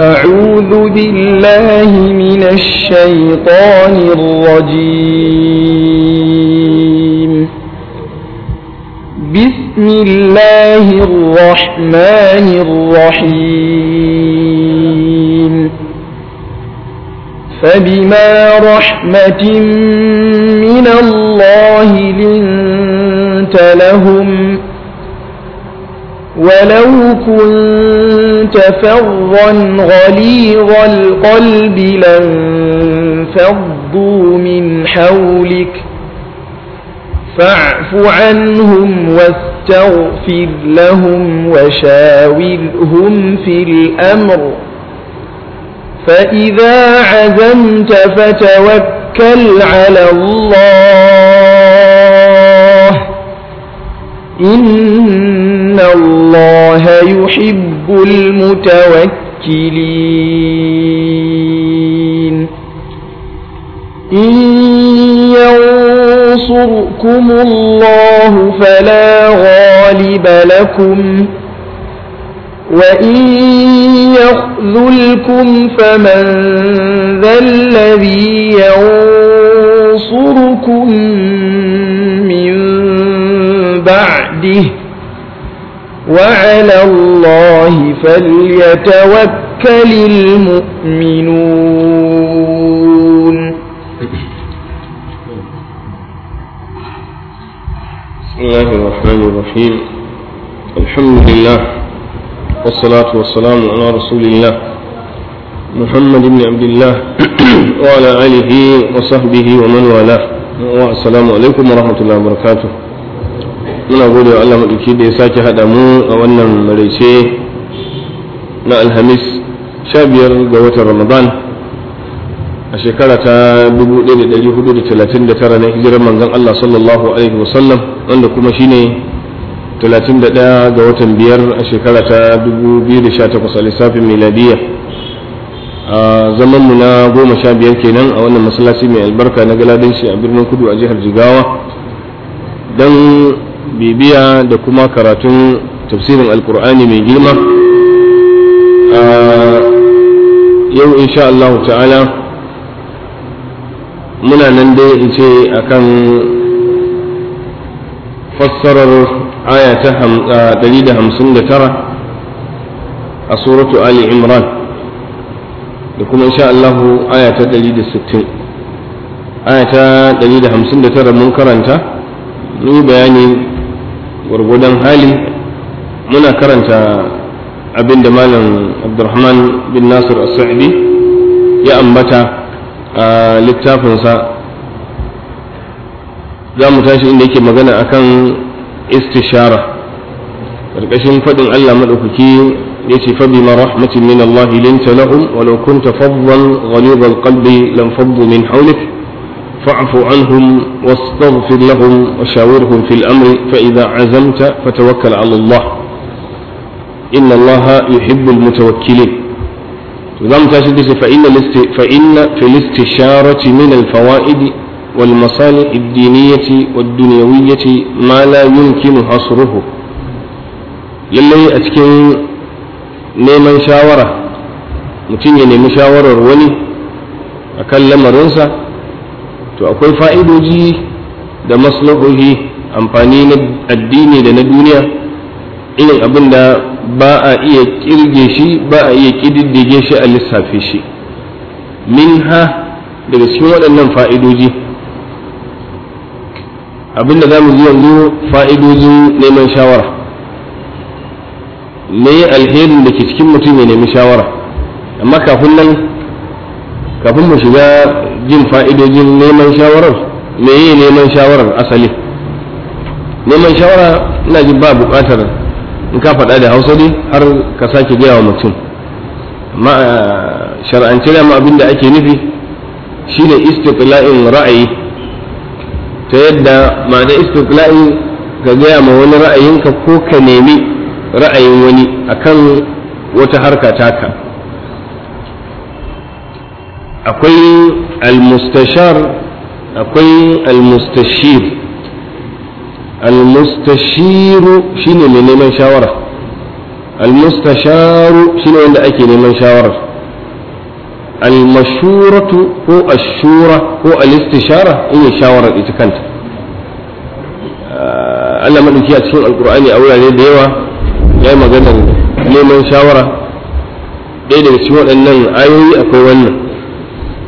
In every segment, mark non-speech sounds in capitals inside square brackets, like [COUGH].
أعوذ بالله من الشيطان الرجيم بسم الله الرحمن الرحيم فبما رحمة من الله لنت لهم ولو كنت فظا غليظ القلب لانفضوا من حولك فاعف عنهم واستغفر لهم وشاورهم في الأمر فإذا عزمت فتوكل على الله إن الله يحب المتوكلين إن ينصركم الله فلا غالب لكم وإن يخذلكم فمن ذا الذي ينصركم من بعد عبده وعلى الله فليتوكل المؤمنون بسم الله الرحمن الرحيم الحمد لله والصلاة والسلام على رسول الله محمد بن عبد الله [CLEARS THROAT] وعلى آله وصحبه ومن والاه والسلام عليكم ورحمة الله وبركاته muna gode wa Allah maɗauki da ya sake haɗa mu a wannan maraice na alhamis sha biyar ga watan ramadan a shekara ta 1439 na hijirar manzon Allah sallallahu alaihi wasallam wanda kuma shine 31 ga watan biyar a shekara ta 2018 a lissafin miladiya a zaman mu na goma sha biyar kenan a wannan masallaci mai albarka na galadin shi a birnin kudu a jihar jigawa don bibiya da kuma karatun tafsirin alkur'ani mai girma a yau insha Allah ta'ala muna nan dai in ce akan fassarar aya ta 159 a suratu Ali Imran da kuma insha Allah aya ta 160 aya ta 159 mun karanta mun yi bayani gwargwadon hali muna karanta abin da malam abdurrahman bin nasir as ya ambata a littafinsa za mu tashi inda yake magana akan istishara ƙarƙashin faɗin allah maɗaukaki ya ce fabi ma rahmatin min allah linta lahum walau kunta fadlan ghalibal qalbi lam faddu min hawlik فاعف عنهم واستغفر لهم وشاورهم في الأمر فإذا عزمت فتوكل على الله إن الله يحب المتوكلين نظام تاسدس فإن, فإن في الاستشارة من الفوائد والمصالح الدينية والدنيوية ما لا يمكن حصره للي أتكن نيما شاورة متين يعني مشاورة روني أكلم رنسة to akwai fa'idoji da maslahohi amfani na addini da na duniya irin abin da ba a iya kirge shi ba a iya kididdige shi a lissafe shi min ha daga cikin waɗannan fa'idoji abin da za mu yanzu fa'idojin neman shawara me alherin da ke cikin mutum ya nemi shawara amma kafin nan kafin mu shiga jin fa'idojin neman shawarar meye neman shawarar asali neman shawara ina jin ba buƙatar in ka faɗa da hausa ne har ka sake gaya wa mutum amma eh, shar'ance da abin da ake nufi shi ne istiklain ra'ayi ta yadda ma na istikla'in ka gaya ma wani ra'ayinka ko ka nemi ra'ayin wani akan wata harka taka akwai almustashar akwai almustashir almustashiru shine mai neman shawara almustasharu shine wanda ake neman shawara almashuratu ko ashura ko alistishara in yi shawarar ita kanta ah, Allah maɗauki a cikin alkur'ani a wurare da yawa ya yi maganar neman shawara ɗaya daga cikin waɗannan ayoyi akwai wannan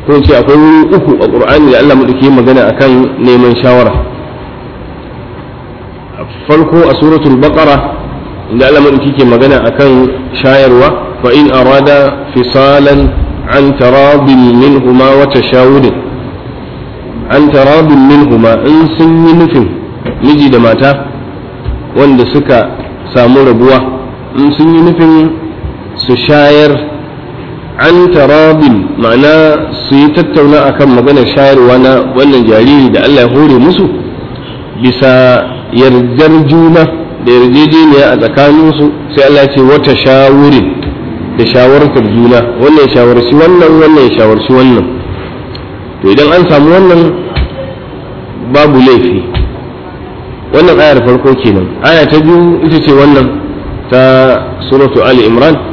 ko ce akwai wuri uku a ƙur'ani da Allah madauki yi magana akan neman shawara farko a suratul baqara inda Allah madauki ke magana akan shayarwa fa in arada fisalan an tarabin minhuma wa tashawudin an min minhuma in sun yi nufin miji da mata wanda suka samu rabuwa in sun yi nufin su shayar an tarabin ma'ana su yi tattauna akan maganar shayarwa na wannan jariri da Allah ya hore musu bisa yardar juna da yarjejeniya a tsakaninsu sai Allah ce wata shawurin da shawartar juna wannan shawarci wannan wannan shawarci wannan to idan an samu wannan babu laifi wannan ayar farko kenan aya ta biyu ita ce wannan ta suratu ali imran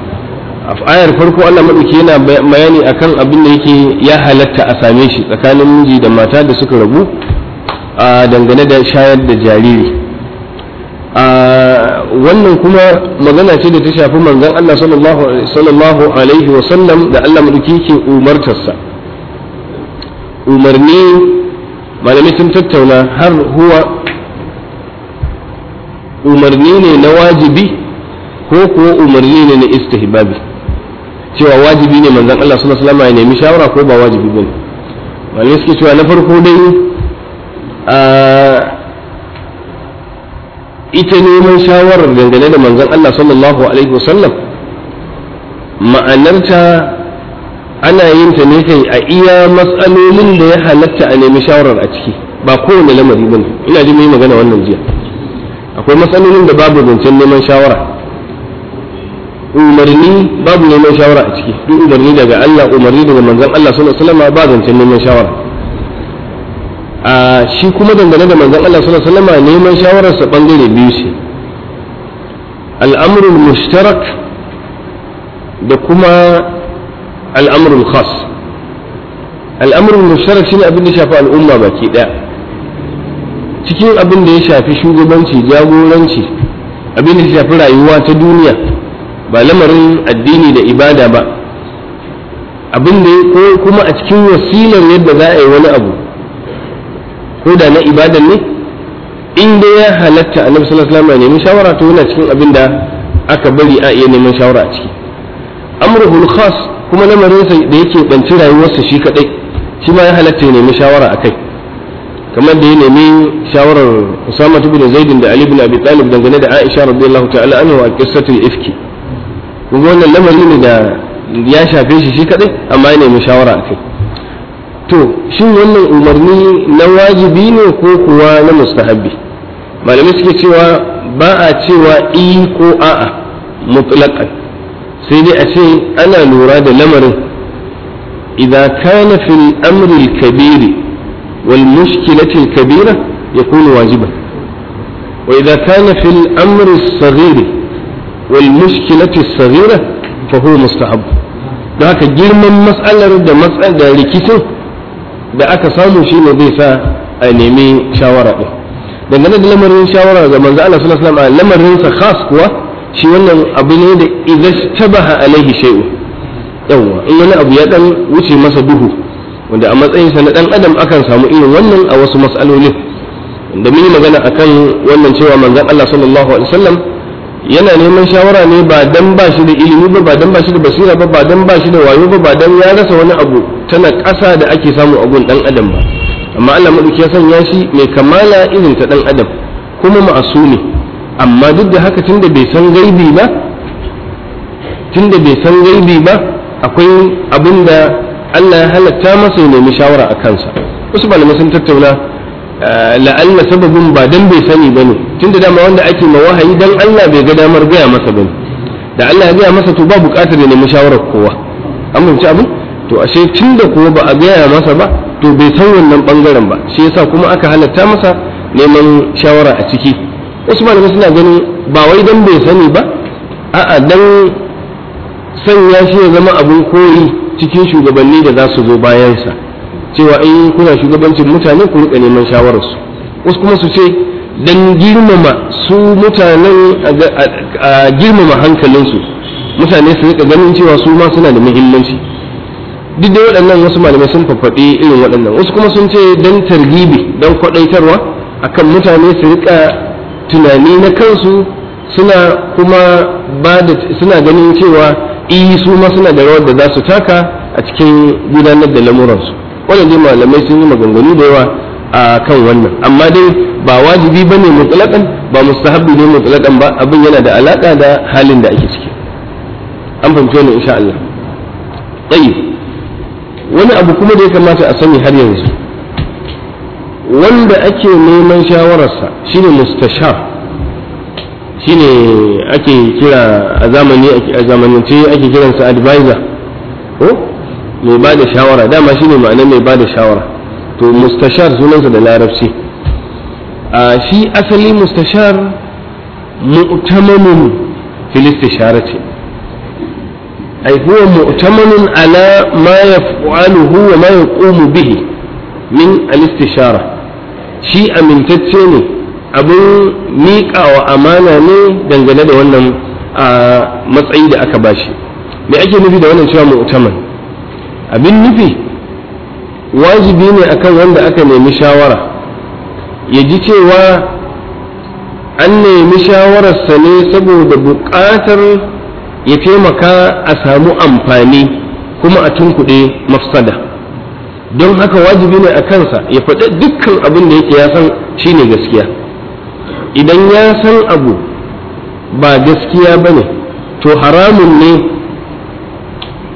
A ayar farko Allah madauki yana bayani akan abin da yake ya halatta a same shi tsakanin miji da mata da suka rabu a dangane da shayar da jariri a wannan kuma magana ce da ta shafi manzon Allah sallallahu alaihi wa sallam da Allah madauki yake umartarsa umarni malamai sun tattauna har huwa umarni ne na wajibi ko kuwa umarni ne na istihbabi cewa wajibi ne Manzan Allah suna salama ya nemi shawara ko ba wajibi ba ne? wani suke cewa na farko dai ita neman shawarar dangane da Manzan Allah sallallahu alaihi wasallam ma'anarta ana yin ta ne kai a iya matsalolin da ya halatta a nemi shawarar a ciki ba kowane lamari ne. ina ji mai magana wannan jiya akwai matsalolin da babu zancen neman shawara umarni babu neman shawara a ciki duk umarni daga Allah umarni daga manzon Allah sallallahu alaihi wasallam ba zance neman shawara a shi kuma dangane da manzon Allah sallallahu alaihi wasallam neman shawararsa bangare biyu ce al'amrul mushtarak da kuma al'amrul khas al'amrul mushtarak shine abin da shafi al'umma baki daya cikin abin da ya shafi shugabanci jagoranci abin da ya shafi rayuwa ta duniya ba lamarin addini da ibada ba abin da ko kuma a cikin wasilar yadda za a yi wani abu ko da na ibadan ne in dai ya halatta annabi sallallahu alaihi wasallam ya nemi shawara to yana cikin abin da aka bari a iya neman shawara a ciki amruhul khas kuma lamarin sa da yake banci rayuwarsa shi kaɗai shi ma ya halatta ya nemi shawara kai kamar da ya nemi shawarar Usama ibn Zaid da Ali ibn Abi Talib dangane da Aisha radiyallahu ta'ala anhu a qissatul ifki kuma wannan lamari ne da ya shafe shi shi kadai amma ya nemi shawara a kai to shin wannan umarni na wajibi ne ko kuwa na mustahabbi malamai suke cewa ba a cewa i ko a'a mutlaqan sai dai a ce ana lura da lamarin idan kana fil amri al-kabir wal mushkilati al-kabira yakunu wajiban wa idan kana fil amri as-saghir wal mushkilati saghira fa huwa mustahab haka girman matsalar da matsalar da rikicin da aka samu ne zai sa a nemi shawara ɗin. dangane da lamarin shawara ga manzo Allah sallallahu alaihi wasallam sa khas kuwa shi wannan abu ne da idza baha alaihi shay'u yawa in wani abu ya dan wuce masa duhu wanda a matsayin sa na dan adam akan samu irin wannan a wasu mas'alolin da mun yi magana akan wannan cewa manzon Allah sallallahu alaihi wasallam yana neman shawara ne ba dan ba shi da ilimi ba ba dan ba shi da basira ba ba dan ba shi da wayo ba ba dan ya rasa wani abu tana kasa da ake samu gun dan adam ba amma Allah madauki ya sanya shi mai kamala irin ta dan adam kuma ma'asumi amma duk da haka tunda bai san gaibi ba tunda bai san gaibi ba akwai abin da Allah ya halatta masa ya nemi shawara a kansa wasu malamai sun tattauna la'alla sababin ba dan bai sani bane tun da dama wanda ake ma wahayi dan Allah bai ga damar gaya masa bane da Allah ya gaya masa to ba buƙatar ya nemi shawarar kowa an abu? abin to ashe tun da ba a gaya masa ba to bai san wannan bangaren ba shi yasa kuma aka halatta masa neman shawara a ciki wasu malamai suna ganin ba wai dan bai sani ba a'a dan sanya shi ya zama abin koyi cikin shugabanni da za su zo bayansa cewa in kuna shugabancin mutane ku rika neman shawararsu wasu kuma su ce don girmama su mutanen a girmama hankalinsu mutane su rika ganin cewa su ma suna da muhimmanci duk da waɗannan wasu malamai sun faffaɗe irin waɗannan wasu kuma sun ce don targibi don kwaɗaitarwa akan mutane su rika tunani na kansu suna kuma ba da suna ganin cewa e, su ma suna da rawar da za su taka a cikin gudanar da lamuransu waɗanda malamai sun yi maganganu da yawa a kan wannan amma dai ba wajibi ba ne mutsalakan ba mustahabbi ne mutsalakan ba abin yana da alaƙa da halin da ake ciki an fahimci wannan insha Allah tsayi wani abu kuma da ya kamata a sani har yanzu wanda ake neman shawararsa shine mustashar shine ake kira a zamani a zamanance ake kiransa advisor ko mai ba da shawara dama shine ma'ana mai ba da shawara to mustashar sunansa da larabci a shi asali mustashar mu'tamanun shara ce. ai huwa mu'tamanun ala ma yaf'aluhu wa ma yaqumu bihi min al-istishara shi amintacce ne abin miƙawa amana ne dangane da wannan matsayi da aka bashi me ake nufi da wannan cewa mu'taman abin nufi wajibi ne akan wanda aka nemi shawara ya ji cewa an nemi shawararsa ne saboda buƙatar ya taimaka a samu amfani kuma a tunkuɗe mafsada don haka wajibi ne a kansa ya faɗi dukkan abin da yake ya san shi ne gaskiya idan ya san abu ba gaskiya ba ne to haramun ne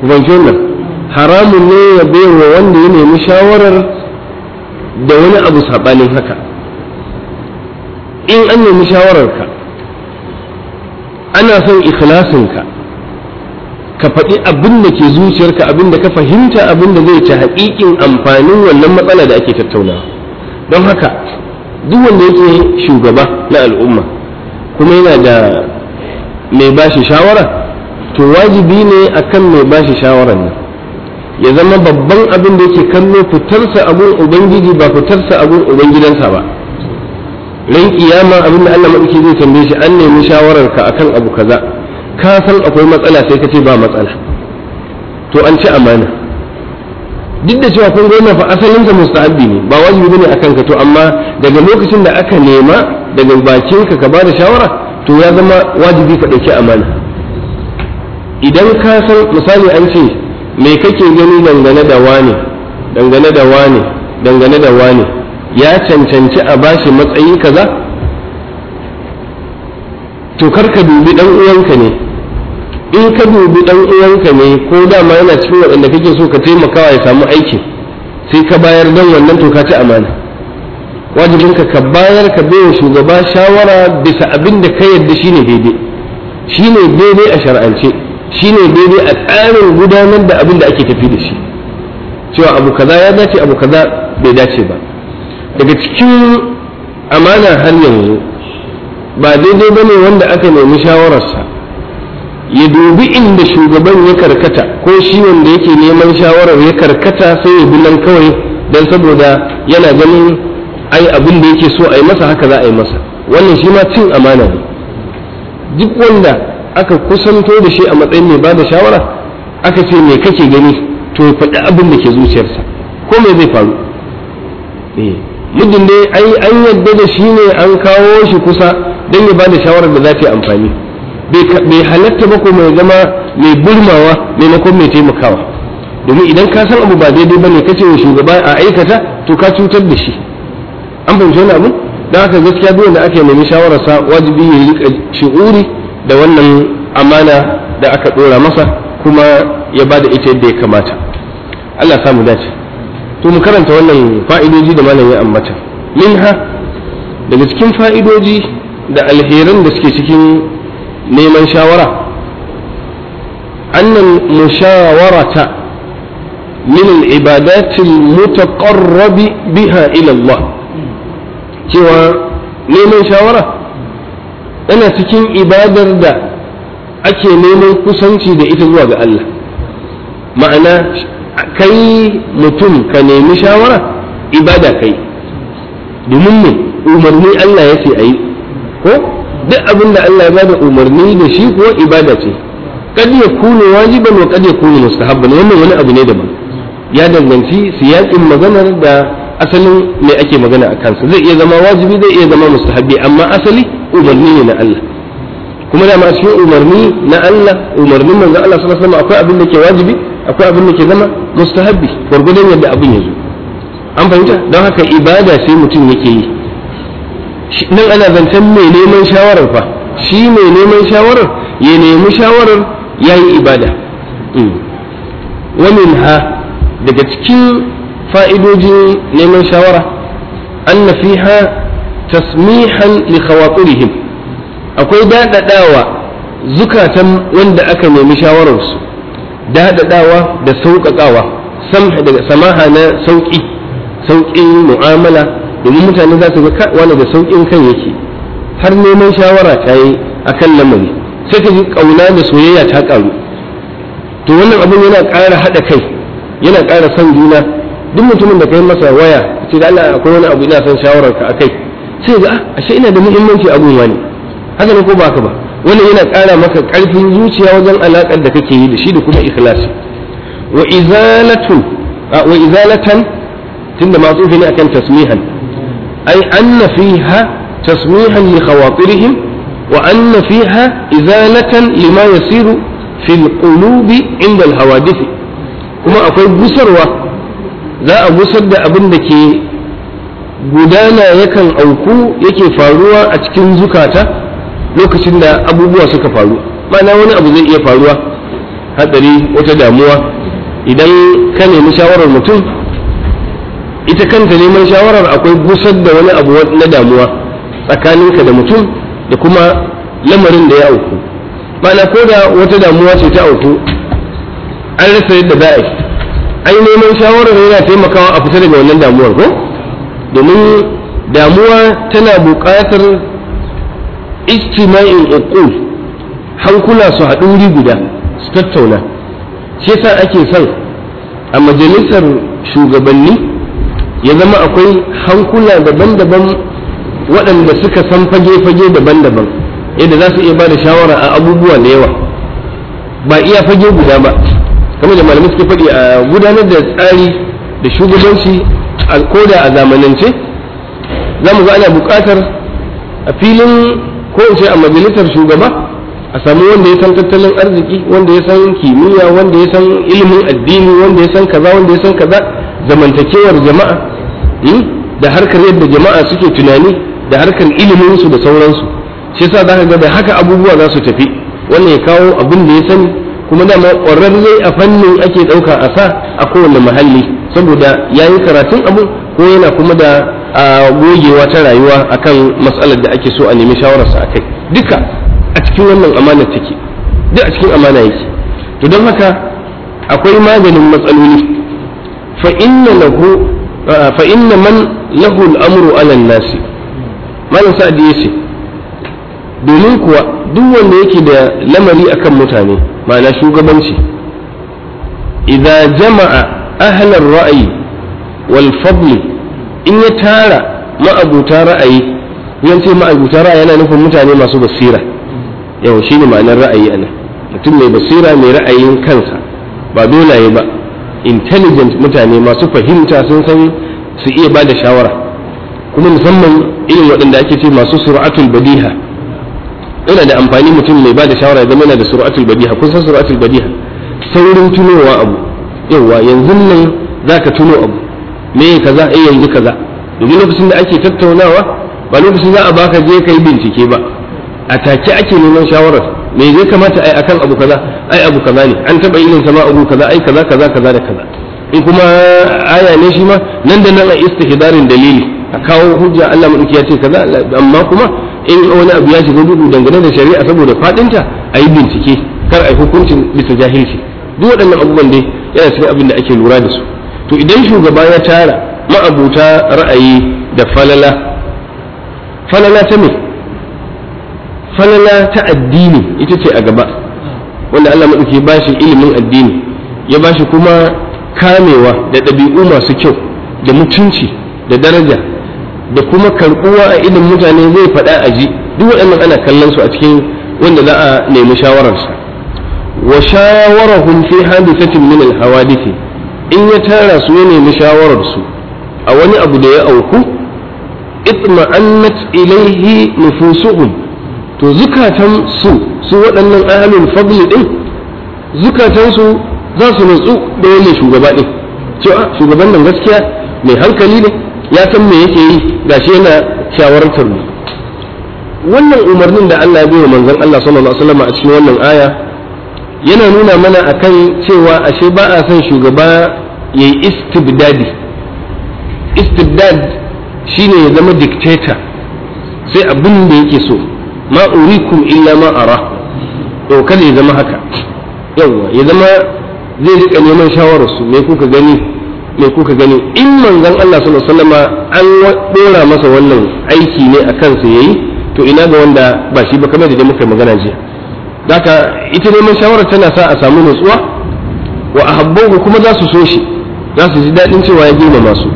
nan haramun ne ya wa wanda ya nemi shawarar da wani abu saɓanin haka in an nemi shawararka ana son ikhlasinka ka faɗi abin da ke zuciyarka abin da ka fahimta abin da zai ci haƙiƙin amfanin wannan matsala da ake tattaunawa don haka duk wanda yake shugaba na al'umma kuma yana da mai bashi shawara to wajibi ne akan mai bashi shawarar nan ya zama babban abin da yake kallo fitarsa abun ubangiji ba fitarsa abun ubangidansa ba ran kiyama abin da Allah madaki zai tambaye shi an nemi shawarar ka akan abu kaza ka san akwai matsala sai ka ce ba matsala to an ci amana duk da cewa kun gona fa asalin sa musta'abi ne ba wajibi bane akan ka to amma daga lokacin da aka nema daga bakin ka ka ba da shawara to ya zama wajibi ka dauki amana idan ka san misali an ce me kake gani dangane da wane dangane da wane dangane da wane ya cancanci a bashi matsayi kaza to kar ka dubi dan uwanka ne in ka dubi dan uwanka ne ko dama yana cikin waɗanda kake so ka wa ya samu aiki sai ka bayar dan wannan to ka ci amana wajibin ka bayar ka bai shugaba shawara bisa abin da ka yarda shine daidai shine daidai a shar'ance shine daidai a tsarin gudanar da abin da ake tafi da shi cewa abu kaza ya dace abu kaza bai dace ba daga cikin amana har yanzu ba daidai bane wanda aka nemi shawararsa ya dubi inda shugaban ya karkata ko shi wanda yake neman shawarar ya karkata sai ya bi nan kawai don saboda yana ganin ai abin da yake so a yi masa haka za a yi masa wannan shi ma cin amana ne duk wanda aka kusanto da shi a matsayin mai ba da shawara aka ce mai kake gani to faɗi abin da ke zuciyarsa ko me zai faru eh, muddin dai an yadda da shi ne an kawo shi kusa don ya ba da shawarar da za ta yi amfani bai halatta ba ko mai zama mai burmawa maimakon mai taimakawa domin idan ka san abu ba daidai ba ne kace wa shugaba a aikata to ka cutar da shi an fahimci wani abu don haka gaskiya duk da ake nemi shawararsa wajibi ya yi shi'uri da wannan amana da aka ɗora masa kuma ya ba da ita yadda ya kamata Allah samu dace to mu karanta wannan fa'idoji da malam ya ambata minha daga cikin fa'idoji da alheran da suke cikin neman shawara annan mushawarata min al-ibadatil mutaqarrab biha ila Allah cewa neman shawara yana cikin ibadar da ake neman kusanci da ita zuwa ga Allah ma'ana kai mutum ka nemi shawara ibada kai domin ne umarni Allah ya ce a yi ko duk abin da Allah ya bada umarni da shi ko ibada ce kad ya kune wajiban wa kad ya kune mustahabban wannan wani abu ne daban ya danganci siyakin maganar da asalin mai ake magana a kansa zai iya zama wajibi zai iya zama mustahabi amma asali umarni ne na Allah kuma da masu cikin umarni na Allah umarnin manzo Allah sallallahu alaihi wasallam akwai abin da ke wajibi akwai abin da ke zama mustahabi gurgudan yadda abin ya zo an fahimta don haka ibada sai mutum yake yi nan ana zancen mai neman shawarar fa shi mai neman shawarar ya nemi shawarar yayi ibada hmm. ha daga cikin fa'idojin neman shawara anna fiha tasmihan li akwai daɗaɗawa zukatan wanda aka nemi shawararsu daɗaɗawa da sauƙaƙawa samha daga samaha na sauƙi sauƙin mu'amala domin mutane za su ga wani da sauƙin kan yake har neman shawara ta yi a lamari sai ka ji ƙauna da soyayya ta ƙaru to wannan abin yana ƙara haɗa kai yana ƙara son juna duk mutumin da kai masa waya ce da Allah akwai wani abu ina son shawarar ka akai sai ga ah, ashe ina da muhimmanci abun wani haka ne ko ba ka ba wannan yana ƙara maka ƙarfin zuciya wajen alaƙar da kake yi da shi da kuma ikhlasi wa izalatu wa izalatan tunda ma tsufi ne akan tasmihan ai anna fiha tasmihan li khawatirihim wa anna fiha izalatan lima yasiru fil qulubi inda al kuma akwai gusarwa za a gusar da abin da ke gudana yakan auku yake faruwa a cikin zukata lokacin da abubuwa suka faru ma'ana wani abu zai iya faruwa hadari wata damuwa idan ka nemi shawarar mutum ita kanta neman shawarar akwai gusar da wani abu na damuwa tsakaninka da mutum da kuma lamarin da ya auku ma'ana ko da wata damuwa ce ta auku an rasa yadda za a yi ai neman shawarar yana taimakawa a fita daga wannan damuwar ko domin damuwa tana buƙatar ijtima'in uqul hankula su haɗu wuri guda su tattauna shi yasa ake son a majalisar shugabanni ya zama akwai hankula daban-daban waɗanda suka san fage-fage daban-daban yadda za su iya ba da shawara a abubuwa da yawa ba iya fage guda ba kamar da malamai suke faɗi a gudanar da tsari da shugabanci ko da a zamanance za mu ga ana buƙatar a filin ko in ce a majalisar shugaba a samu wanda ya san tattalin arziki wanda ya san kimiyya wanda ya san ilimin addini wanda ya san kaza wanda ya san kaza zamantakewar jama'a hmm, da harkar yadda jama'a suke tunani da harkar iliminsu da sauransu shi yasa za ka ga da haka abubuwa za su tafi wannan ya kawo abin da ya sani kuma da ƙwararre a fannin ake ɗauka a sa a kowane mahalli saboda ya yi karatun abu ko yana kuma da gogewa ta rayuwa a kan matsalar da ake so a nemi shawararsa a kai duka a cikin wannan amana take duk a cikin amana yake to don haka akwai maganin matsaloli fa inna man lahu al'amuru ala nasi malam sa'adi ce domin kuwa duk wanda yake da lamari akan mutane ma'ana shugabanci idza jama'a ahlar ra'ayi wal fadli in ya tara ma'abuta ra'ayi yan ce ma'abuta ra'ayi yana nufin mutane masu basira yau ne ma'anar ra'ayi ana mutum mai basira mai ra'ayin kansa ba dolaye ba intelligent mutane masu fahimta sun san su iya ba da shawara kuma musamman irin waɗanda ake ce masu sur'atul badiha yana da amfani mutum mai ba da shawara zama yana da sur'atul badiha kun san sur'atul badiha saurin tunowa abu yawa yanzu nan zaka tuno abu me kaza eh yanzu kaza domin lokacin da ake tattaunawa ba lokacin za a baka je kai bincike ba a take ake neman shawarar me zai kamata ai akan abu kaza ai abu kaza ne an taba yin sama abu kaza ai kaza kaza kaza da kaza in kuma aya ne shi ma nan da nan a istihdarin dalili a kawo hujja Allah madauki ya ce kaza amma kuma in wani abu ya shiga duhu dangane da shari'a saboda fadinta a yi bincike kar a yi hukuncin bisa jahilci duk waɗannan abubuwan dai yana cikin abin da ake lura da su to idan shugaba ya tara ma'abuta ra'ayi da falala falala ta me falala ta addini ita ce a gaba wanda Allah maɗauki ba shi ilimin addini ya ba shi kuma kamewa da ɗabi'u masu kyau da mutunci da daraja da kuma karbuwa a idan mutane zai faɗa a ji duk waɗannan ana kallon su a cikin wanda za a nemi shawararsa wa shawarahum fi hadisatin min al hawadisi in ya tara su ya nemi shawarar su a wani abu da ya auku itma'annat ilaihi nufusuhum to zukatan su su waɗannan ahlul fadli din zukatan su za su nutsu da wani shugaba din cewa shugaban nan gaskiya mai hankali ne ya san me yake yi gashi yana shawartar mu wannan umarnin da Allah ya bai wa manzon Allah sallallahu alaihi wasallam a cikin wannan aya yana nuna mana akan cewa ashe ba a son shugaba yayi istibdadi istibdad shine ya zama dictator sai abin da yake so ma urikum illa ma ara to kada ya zama haka yawa ya zama zai rika neman shawararsu me kuka gani me kuka gani in manzon Allah sallallahu alaihi wasallama an dora masa wannan aiki ne a kansa yayi to ina ga wanda ba shi ba kamar da muka magana jiya zaka ita neman shawara tana sa a samu nutsuwa wa ahabbahu kuma za su so shi za su ji dadin cewa ya gina masu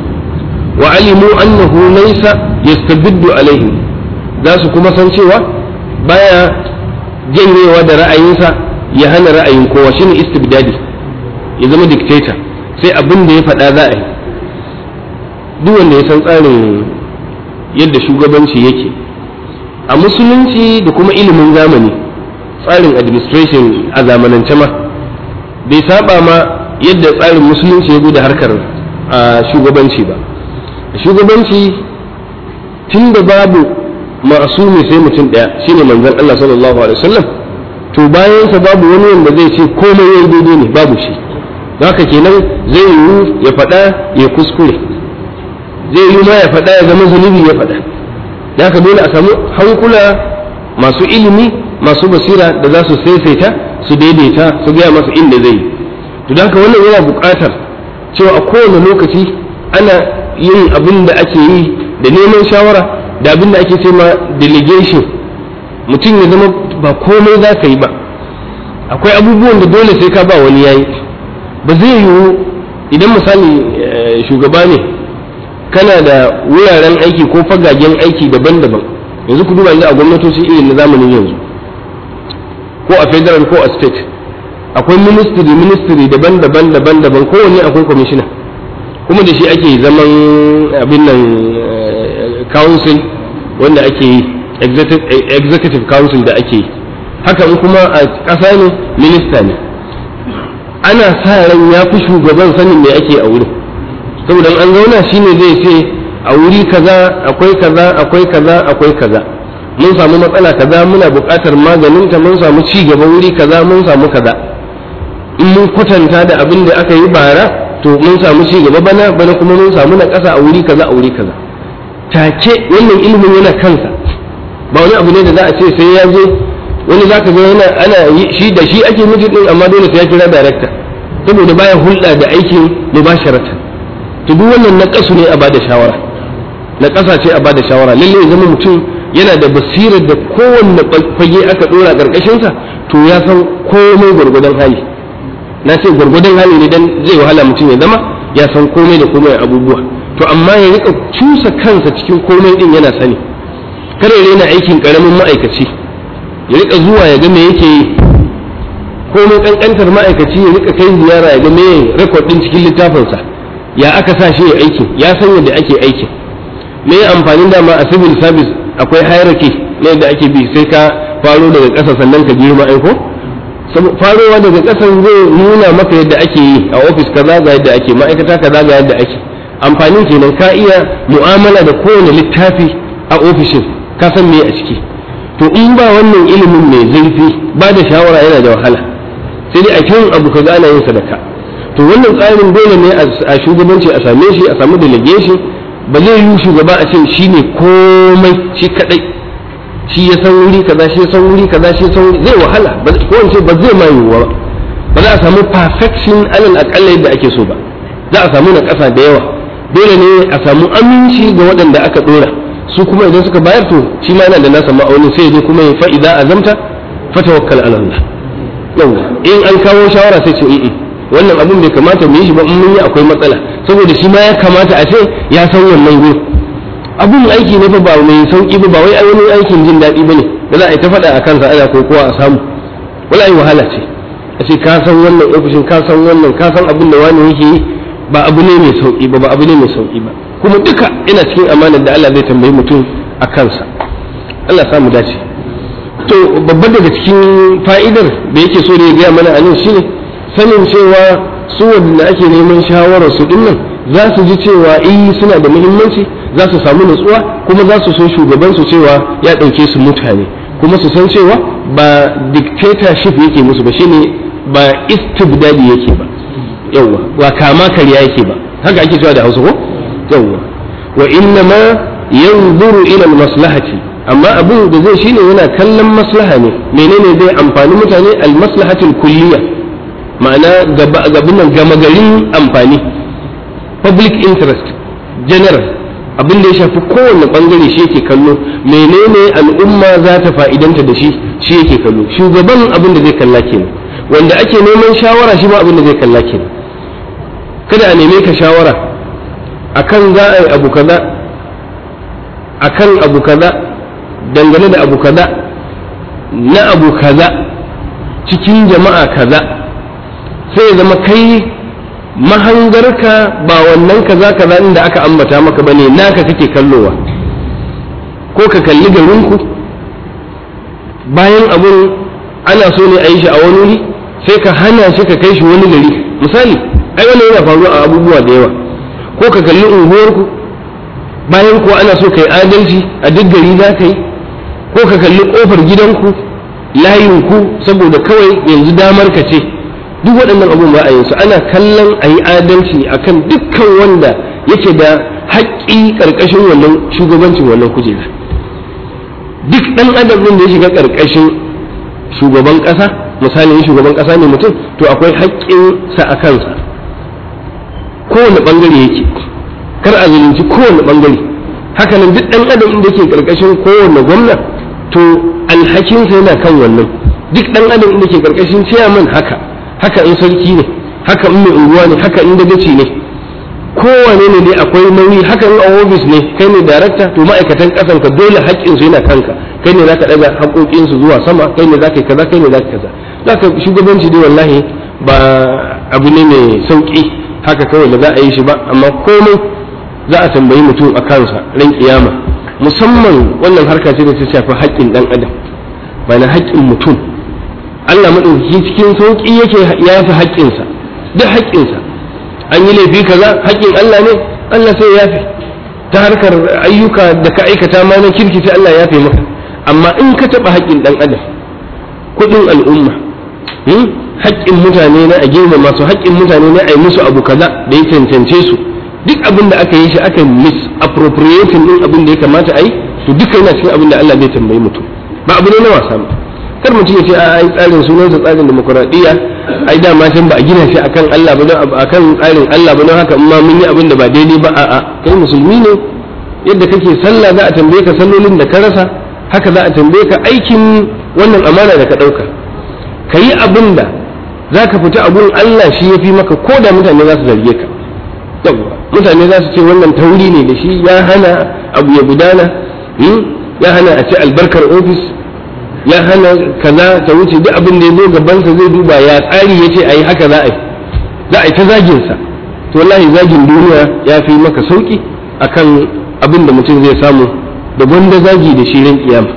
wa alimu annahu laysa yastabiddu alaihi za su kuma san cewa baya janyewa da ra'ayinsa ya hana ra'ayin kowa shine istibdadi ya zama dictator sai abin da ya faɗa za a yi duk wanda ya san tsarin yadda shugabanci yake a musulunci da kuma ilimin zamani tsarin administration a zamanance ma bai saba ma yadda tsarin musulunci ya da harkar a shugabanci ba shugabanci tun da babu masu ne sai mutum ɗaya shine manzon Allah sallallahu alaihi wasallam to bayansa babu wani wanda zai ce komai yayi daidai ne babu shi haka kenan zai yi ya faɗa ya kuskure zai yi ma ya faɗa ya zama zunubi ya faɗa da haka dole a samu hankula masu ilimi masu basira da za su saisaita su daidaita su gaya masu inda zai yi to don haka wannan yana buƙatar cewa a kowane lokaci ana yin abin da ake yi da neman shawara da abin da ake sai ma delegation mutum ya zama ba komai za ka yi ba akwai abubuwan da dole sai ka ba wani yayi ba zai yiwu idan misali eh, shugaba ne kana da wuraren aiki ko fagagen aiki daban-daban yanzu ku duba yanzu a gwamnatoci irin na zamanin yanzu ko a federal ko a state akwai ministry ministry daban-daban daban-daban kowanne akwai kwamishina kuma da shi ake zaman eh, abin nan eh, council wanda ake yi executive council da ake yi haka kuma a ƙasa ne minista ne ana sa ran ya fi shugaban sanin me ake a wurin saboda an zauna shine zai ce a wuri kaza akwai kaza akwai kaza akwai kaza mun samu matsala kaza muna buƙatar maganin ta mun samu ci gaba wuri kaza mun samu kaza in mun kwatanta da abin da aka yi bara to mun samu ci gaba bana bana kuma mun samu na ƙasa a wuri kaza a wuri kaza take wannan ilimin yana kansa ba wani abu ne da za a ce sai ya zo wani za ka ga yana ana shi da shi ake mijin din amma dole sai ya kira director saboda baya hulɗa da aikin mubasharata to duk wannan na kasu ne a bada shawara na kasa ce a bada shawara lalle ya zama mutum yana da basirar da kowanne fage aka dora karkashin sa to ya san komai gurgudan hali na ce gurgudan hali ne dan zai wahala mutum ya zama ya san komai da komai abubuwa to amma ya rika cusa kansa cikin komai din yana sani kare ya rena aikin karamin ma'aikaci ya rika zuwa ya ga me yake yi mai kankantar ma'aikaci ya rika kai ziyara ya ga me rekod din cikin littafinsa ya aka sa shi ya aiki ya san yadda ake aikin me amfanin dama a civil service akwai hierarchy ne da ake bi sai ka faro daga ƙasa sannan ka girma ma'aiko farowa daga ƙasa zai nuna maka yadda ake yi a ofis kaza ga yadda ake ma'aikata kaza ga yadda ake amfani kenan ka iya mu'amala da kowane littafi a ofishin ka san me a ciki to in ba wannan ilimin mai zurfi ba da shawara yana da wahala sai dai a kiran abu ka ana yin sadaka to wannan tsarin dole ne a shugabanci a same shi a samu delegation ba zai yi shugaba a ce shi ne komai shi kadai shi ya san wuri kaza shi ya san wuri kaza shi ya san wuri zai wahala ko in ce ba zai ma yiwuwa ba ba za a samu perfection alal akalla yadda ake so ba za a samu na ƙasa da yawa dole ne a samu aminci ga waɗanda aka ɗora su kuma idan suka bayar to shi ma yana da nasa ma'aunin sai je kuma ya fa'ida a zamta, tawakkal ala Allah yawa in an kawo shawara sai ce eh, eh wannan abin bai kamata mu yi shi ba mun yi akwai matsala saboda shi ma ya kamata a ce ya san wannan ne abin aiki ne fa ba mai sauki ba ba wai ai wani aikin jin daɗi bane da za a ta faɗa a kansa ko kowa a samu wala ai wahala ce a ce ka san wannan ofishin ka san wannan ka san abin da wani yake ba abu ne mai sauki ba ba abu ne mai sauki ba kuma duka ina cikin amanar da Allah zai tambayi mutum a kansa Allah samu dace to babban daga cikin fa'idar da yake so da ya gaya mana anin nan shine sanin cewa su wanda ake neman shawarar su dinnan za su ji cewa eh suna da muhimmanci za su samu nutsuwa kuma za su so shugaban su cewa ya ɗauke su mutane kuma su san cewa ba dictatorship yake musu ba shine ba istibdadi yake ba yawa ba kama karya yake ba haka ake cewa da hausa ko yawwa wa inna ma yanzuru ila maslahati amma abin da zai shine yana kallon maslaha ne menene zai amfani mutane al maslahatul kulliya ma'ana gabin nan gama garin amfani public interest general abin da ya shafi kowane bangare shi yake kallo menene al'umma za ta fa'idanta da shi shi yake kallo shugaban abin da zai kalla kenan wanda ake neman shawara shi ma abin da zai kalla kenan kada a neme ka shawara akan za a yi abu kaza akan abu kaza dangane da abu kaza na abu kaza cikin jama'a kaza sai zama kai mahangarka ba wannan kaza kaza inda aka ambata maka bane naka kake kallowa ko ka kalli garinku bayan abun ana so ne a yi shi a wani wuri sai ka hana shi ka kai shi wani gari misali ai wannan yana faruwa a abubuwa da yawa ko ka kalli unguwarku bayan ko ana so ka yi adalci a duk gari za ka yi ko ka kalli kofar gidanku layinku saboda kawai yanzu damar ka ce duk waɗannan abubuwan ba a yin su ana kallon a yi adalci a kan dukkan wanda yake da haƙƙi ƙarƙashin wannan shugabancin wannan kujera duk ɗan adabin da ya shiga ƙarƙashin shugaban ƙasa misalin shugaban ƙasa ne mutum to akwai haƙƙinsa a kansa kowane bangare yake kar a zalunci kowane bangare haka nan duk dan adam inda yake karkashin kowane gwamna to alhakinsa yana kan wannan duk dan adam inda yake karkashin chairman haka haka in sarki ne haka in mai unguwa ne haka in dagaci ne kowane ne dai akwai nauyi haka in a ofis ne kai ne darakta to ma'aikatan kasan ka dole su yana kanka kai ne zaka daga su zuwa sama kai ne zaka kaza kai ne zaka kaza zaka shugabanci dai wallahi ba abu ne mai sauki haka kawai ba za a yi shi ba amma komai za a tambayi mutum a kansa ran kiyama musamman wannan harka ce da ta shafi haƙƙin ɗan adam ba na haƙƙin mutum Allah maɗauki cikin sauƙi yake ya fi haƙƙinsa duk haƙƙinsa an yi laifi kaza haƙƙin Allah ne Allah sai ya fi ta harkar ayyuka da ka aikata ma na kirki sai Allah ya fi maka amma in ka taɓa haƙƙin ɗan adam kuɗin al'umma hmm? haƙƙin mutane na a girmama su haƙƙin mutane na a yi musu abu kaza da ya cancance su duk abin da aka yi shi aka appropriation din abin da ya kamata a yi to duka yana cikin abin da Allah zai tambayi mutum ba abu ne na wasa ba kar mutum ya ce a ai tsarin sunansa tsarin demokuraɗiyya ai dama can ba a gina shi akan Allah ba akan tsarin Allah ba don haka amma mun yi abin da ba daidai ba a'a kai musulmi ne yadda kake sallah za a tambaye ka sallolin da ka rasa haka za a tambaye ka aikin wannan amana da ka ɗauka ka yi abin da za ka fita a gurin Allah shi ya fi maka ko da mutane za su zarge ka mutane za su ce wannan tauri ne da shi ya hana abu ya gudana hmm? ya hana a ci albarkar ofis ya hana kaza ta wuce duk abin da ya zo gabansa zai duba ya tsari ya ce a yi haka za a yi za a yi ta zaginsa to wallahi zagin duniya ya fi maka sauki akan abin da mutum zai samu da gwanda zagi da shirin kiyama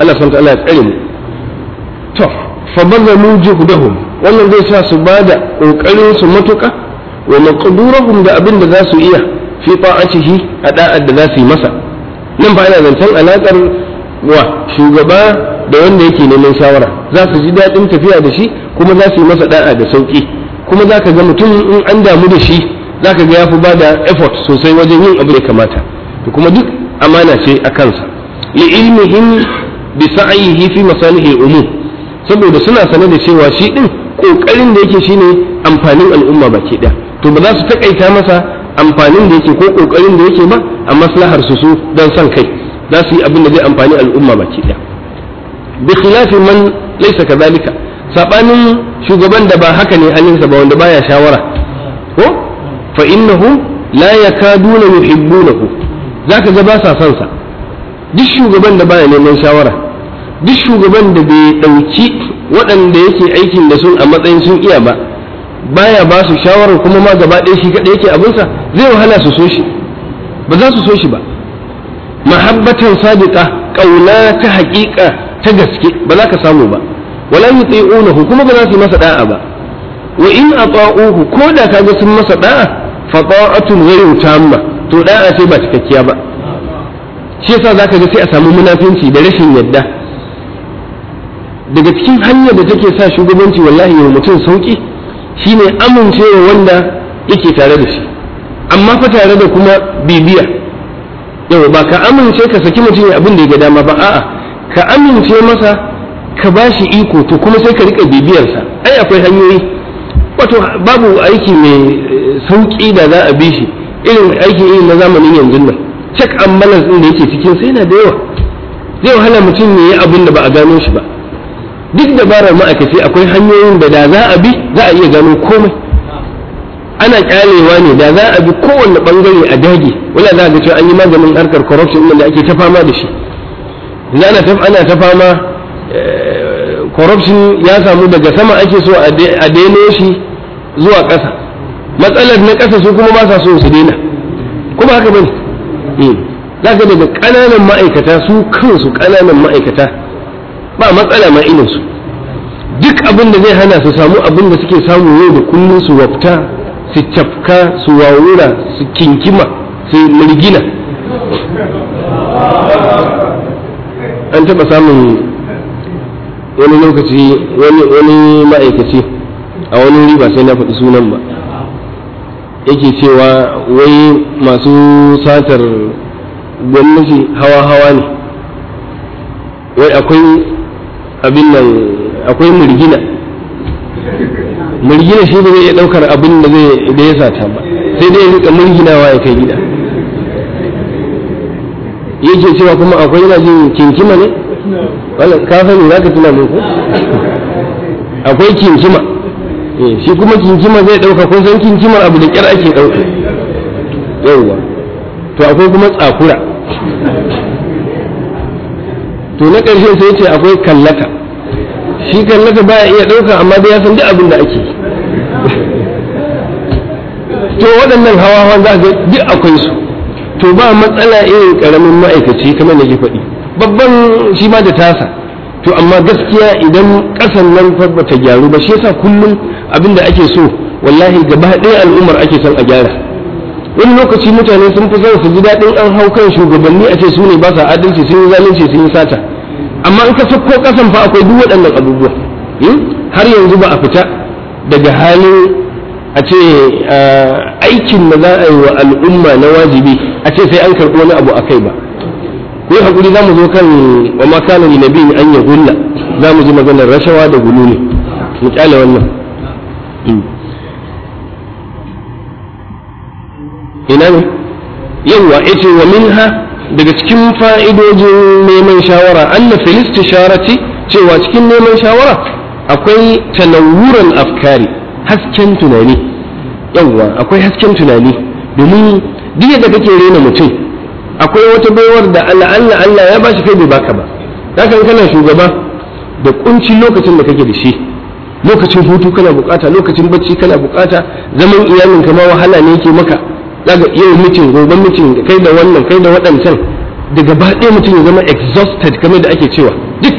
Allah san ta Allah ya tsare mu to fa bazamu juhdahum wannan zai sa su ba da ƙoƙarinsu su matuƙa wa maqdurahum da abin da za su iya fi ta'atihi a da'ar da za su yi masa nan ba ana zancen alaƙar wa shugaba da wanda yake neman shawara za su ji daɗin tafiya da shi kuma za su yi masa da'a da sauƙi kuma za ka ga mutum in an damu da shi za ka ga ya fi ba da effort sosai wajen yin abu da kamata to kuma duk amana ce a kansa li ilmihim bi sa'yihi fi masalihi umum saboda suna sane da cewa shi din kokarin da yake shine amfanin al'umma baki ɗaya to ba za su takaita masa amfanin da yake ko kokarin da yake ba a maslahar su su don son kai za su yi abin da zai amfani al'umma baki ɗaya bi khilafi man laisa kadhalika sabanin shugaban da ba haka ne halinsa ba wanda baya shawara ko fa innahu la yakaduna yuhibbunahu zaka ga ba sa son sa duk shugaban da baya neman shawara duk shugaban da bai dauki waɗanda yake aikin da sun a matsayin sun iya ba baya ba su shawarar kuma ma gaba ɗaya shi kaɗai yake abinsa zai wahala su so shi ba za su so shi ba mahabbatan sadiqa ƙauna ta haƙiƙa ta gaske ba za ka samu ba wala yuti'unahu kuma ba za su masa da'a ba wa in ata'uhu ko da ka ga sun masa da'a fa ta'atun ghayru tamma to da'a sai ba cikakkiya ba shi yasa zaka ga sai a samu munafinci da rashin yadda daga cikin hanyar da take sa shugabanci wallahi yau mutum sauki shine amincewa wanda yake tare da shi amma fa tare da kuma bibiya yau ba ka amince ka saki mutum abin da ya ga dama ba a'a ka amince masa ka ba shi iko to kuma sai ka rika bibiyarsa ai akwai hanyoyi wato babu aiki mai eh, sauki da za a bi shi irin aiki irin na zamanin yanzu nan check and balance din da yake cikin sai yana da yawa zai wahala mutum ya yi abin da ba a gano shi ba duk dabarar ma'aikaci akwai hanyoyin da da za a bi za a iya gano komai ana kyalewa ne da za a bi kowanne bangare a dage wala za ga cewa an yi maganin harkar corruption din da ake ta fama da shi ana ta ana ta fama eh, corruption ya samu daga sama ake so a daino shi zuwa ƙasa matsalar na ƙasa su kuma ba sa so su daina kuma haka bane eh, za ka daga ƙananan ma'aikata su kansu ƙananan ma'aikata ba matsala ma irin su duk abin da zai hana su samu abin da suke samu yau da kullum su wafta su cafka su wawura su kinkima su mirgina an taɓa samun wani lokaci wani ma'aikaci a wani wuri ba sai na faɗi sunan ba yake cewa wai masu satar gwamnati hawa-hawa ne wai akwai abin nan akwai murgina murgina shi ba zai iya ɗaukar abin da zai da ya sata ba sai dai ya rika murginawa ya kai gida yake cewa kuma akwai yana jin kinkima ne wannan ka sani za ka tuna mai akwai kinkima eh, shi kuma kinkima zai ɗauka kun san kinkimar abu da ƙyar ake ɗauka yauwa to akwai kuma tsakura to na ƙarshe sai ce akwai kallaka shi kallaka ba iya ɗauka amma dai ya san duk abin da ake to waɗannan hawa za ga duk akwai su to ba matsala irin ƙaramin ma'aikaci kamar da ke faɗi babban shi ma da tasa to amma gaskiya idan ƙasan nan ba ta gyaru ba shi yasa kullum abin da ake so wallahi gaba ɗaya al'ummar ake son a gyara wani lokaci mutane sun fi son su ji daɗin an hau kan shugabanni a ce su ne ba sa adalci sun yi zalunci sun yi sata amma in ka sauko kasan fa akwai duk waɗannan abubuwa hmm? har yanzu ba a fita daga hali a ce eh, aikin da za a yi wa al'umma na wajibi a ce sai an karɓi wani abu a kai ba ku yi haƙuri za mu zo kan wa makanan nabi an ya gulla za mu ji maganar rashawa da gulu ne mu kyale wannan hmm. ina ne yawwa ita wa minha daga cikin fa'idojin neman shawara anna filisti istisharati cewa cikin neman shawara akwai tanawuran afkari hasken tunani yawwa akwai hasken tunani domin duk da kake rena mutum akwai wata baiwar da Allah Allah Allah ya shi kai bai baka ba kan kana shugaba da kunci lokacin da kake da shi lokacin hutu kana bukata lokacin bacci kana bukata zaman iyalin ma wahala ne yake maka zaga yau mutum gobe mutum kai da wannan kai da waɗancan daga ba mutum ya zama exhausted kamar da ake cewa duk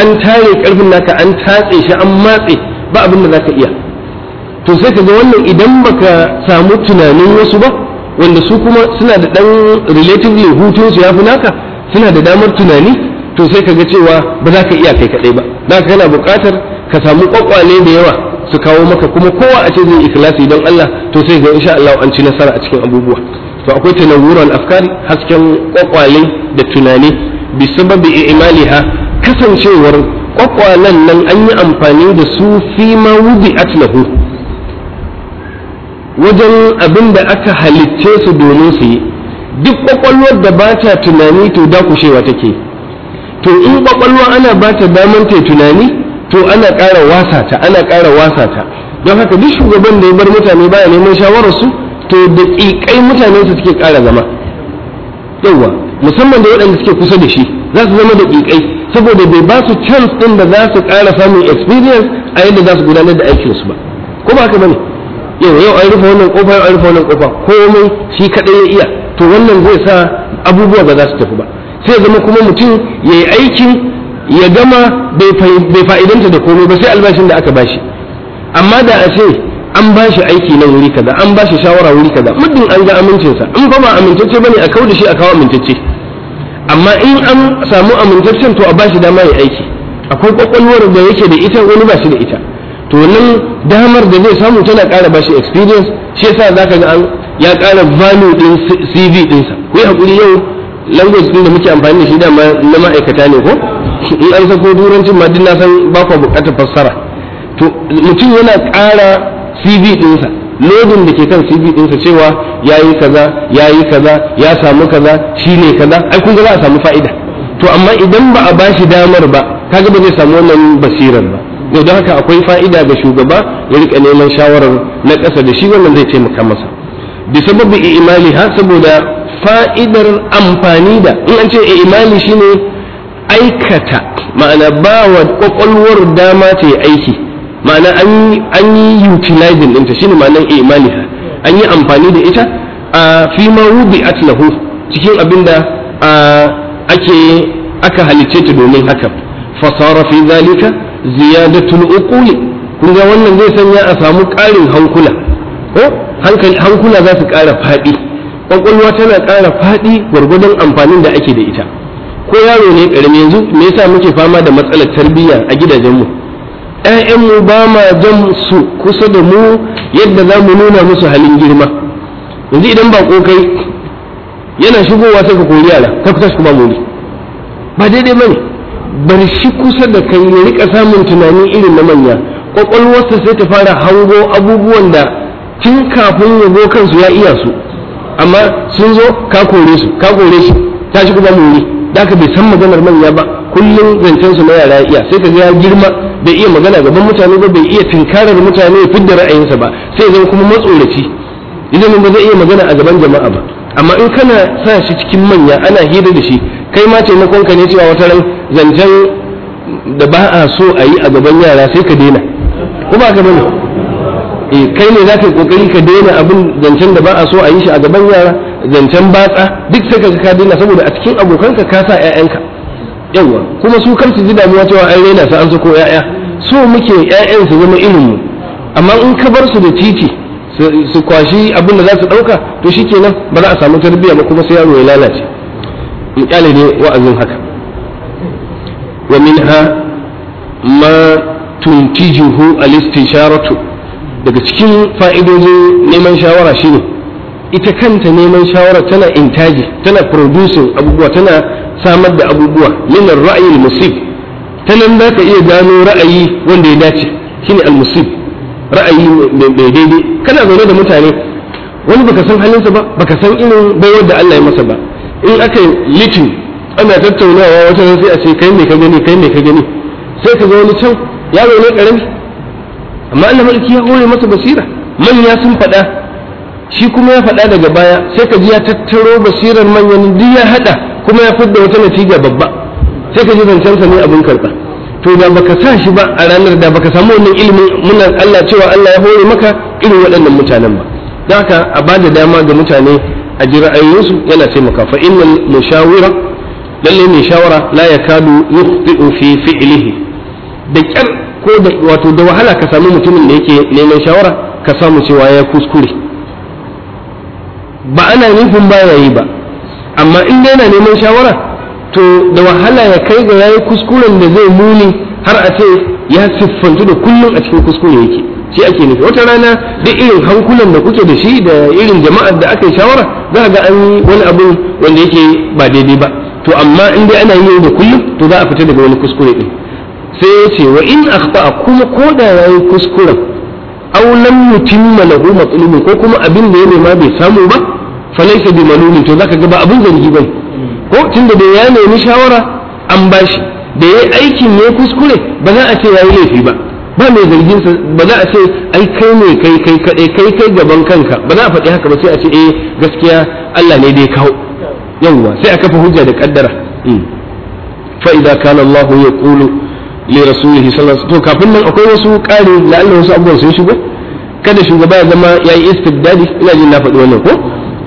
an tare karfin naka an tatse shi an matse ba abin da zaka iya to sai ka ga wannan idan baka samu tunanin wasu ba wanda su kuma suna da ɗan relatively hutun su ya fi naka suna da damar tunani to sai ka ga cewa ba za ka iya kai kaɗai ba za ka kana buƙatar ka samu ƙwaƙwale da yawa su kawo maka kuma kowa a ce zai ikhlasi don Allah to sai ga insha Allah an ci nasara a cikin abubuwa to akwai tanawuran afkari hasken kwakwale da tunani bi sababi i'maliha kasancewar kwakwalen nan an yi amfani da su fi ma wudi atlahu wajen abin da aka halicce su domin su yi duk kwakwalwar da ba ta tunani to dakushewa take to in kwakwalwa ana ba ta daman tunani to ana ƙara wasa ta ana ƙara wasa ta don haka duk shugaban da ya bar mutane baya neman shawararsu to da ƙiƙai mutane su suke ƙara zama yawwa musamman da waɗanda suke kusa da shi za su zama da ƙiƙai saboda bai ba su chance ɗin da za su ƙara samun experience a yadda za su gudanar da aikinsu ba ko ba haka bane yau yau an rufe wannan kofa yau an rufe wannan kofa komai shi kaɗai ya iya to wannan zai sa abubuwa ba za su tafi ba sai zama kuma mutum ya yi aikin ya gama bai fa'idanta da komai ba sai albashin da aka bashi amma da a ce an ba aiki na wuri kaza an ba shawara wuri kaza muddin an ga amincinsa in ba ba amintacce bane a da shi a kawo amintacce amma in an samu amintaccen to a ba dama ya aiki akwai kwakwalwar da yake da ita wani ba shi da ita to nan damar da zai samu tana ƙara ba shi experience shi yasa ka ga an ya ƙara value din CV dinsa ku yi hakuri yau language din da muke amfani da shi dama na ma'aikata ne ko in an sako turanci ma na san ba ku buƙatar fassara to mutum yana ƙara CV ɗinsa lodin da ke kan CV ɗinsa cewa ya yi kaza ya yi kaza ya samu kaza shi ne kaza ai kun ga za a samu fa'ida to amma idan ba a bashi damar ba kaga ba zai samu wannan basirar ba to don haka akwai fa'ida ga shugaba ya rika neman shawarar na ƙasa da shi wannan zai taimaka masa bi sababi imali ha saboda fa'idar amfani da in an ce imali shine aikata ma'ana ba wa kwakwalwar dama ta yi aiki ma'ana an yi utilizing ɗinta shine ma'anan imani an yi amfani da ita a fi ma rubi atlahu cikin abinda ake aka halicce ta domin haka fasara fi zalika ziyadatul uquli kun ga wannan zai sanya a samu ƙarin hankula ko hankula za su ƙara faɗi kwakwalwa tana ƙara faɗi gwargwadon amfanin da ake da ita ko yaro ne karami yanzu me yasa muke fama da matsalar tarbiyya a gidajenmu mu ba ma jan su kusa da mu yadda za mu nuna musu halin girma yanzu idan ba kai yana shigowa sai ka kori yara ka fita kuma muri ba daidai ba ne bar shi kusa da kai ya rika samun tunani irin na manya kwakwalwarsa sai ta fara hango abubuwan da tun kafin ya zo kansu ya iya su amma sun zo ka kore su ka kore shi ta shi kuma muri da ka bai san maganar manya ba kullum zancen su na yara iya sai ka ya girma bai iya magana gaban mutane ba bai iya tinkarar mutane ya fidda ra'ayinsa ba sai zan kuma matsoraci idan ba zai iya magana a gaban jama'a ba amma in kana sa shi cikin manya ana hira da shi kai ma taimakon ka ne cewa wata ran zancen da ba a so a yi a gaban yara sai ka daina ko ba ka bane eh, kai ne za ka kokari ka daina abin zancen da ba a so a yi shi a gaban yara zancen batsa duk sai ka ka daina saboda a cikin abokanka ka sa ƴaƴanka yawa kuma su kansu ji damuwa cewa an raina su an sako ƴaƴa so muke ƴaƴan su zama irin amma in ka bar su da titi su kwashi abin da za su ɗauka to shikenan ba za a samu tarbiyya ba kuma sai yaro ya lalace in kyale ne wa'azin haka wa minha ma tuntijuhu al-istisharatu daga cikin fa'idojin neman shawara shine ita kanta neman shawara tana intaji tana producing abubuwa tana samar da abubuwa min ra'ayi al-musib ta nan za ka iya gano ra'ayi wanda ya dace shine al-musib ra'ayi mai daidai kana zaune da mutane wani baka san halinsa ba baka san irin bayar da Allah ya masa ba in aka yi litin ana tattaunawa wata nan sai a ce kai me ka gani kai me ka gani sai ka ga wani can yaro ne karami amma Allah malki ya hore masa basira manya sun faɗa shi kuma ya faɗa daga baya sai ka ji ya tattaro basirar manyan duk ya haɗa kuma ya fidda wata natija babba sai ka ji zancensa ne abin karɓa to da baka sa shi ba a ranar da baka samu wannan ilimin muna Allah cewa Allah ya hore maka irin waɗannan mutanen ba don haka a ba da dama ga mutane a ji ra'ayoyinsu yana maka fa innal mushawira lalle mai shawara la yakadu yukhti'u fi fi'lihi da kyar ko da wato da wahala ka samu mutumin da yake neman shawara ka samu cewa ya kuskure ba ana nufin ba ya yi ba amma in dai yana neman shawara to da wahala ya kai ga yayi kuskuren da zai muni har a ce ya siffantu da kullum a cikin kuskure yake shi ake nufi wata rana duk irin hankulan da kuke da shi da irin jama'ar da aka yi shawara za a ga an yi wani abu wanda yake ba daidai ba to amma in dai ana yi da kullum to za a fita daga wani kuskure din sai ya ce wa in akhta kuma ko da yayi kuskuren aw lam yutimma lahu matlubun ko kuma abin da ya nema bai samu ba falaisa bi malumin to zaka ga ba abun zargi bai ko tunda da ya nemi shawara an bashi da yayi aikin ne kuskure ba za a ce yayi laifi ba ba mai zargin sa ba za a ce ai kai ne kai kai kadai kai kai gaban kanka ba za a faɗi haka ba sai a ce eh gaskiya Allah ne dai kawo yawwa sai a kafa hujja da kaddara hmm. fa idza kana Allah kulu li rasulihi sallallahu alaihi to kafin nan akwai wasu ƙari la'alla wasu abubuwan sun shigo kada shugaba ya zama yayi istibdadi ina jin na faɗi wannan ko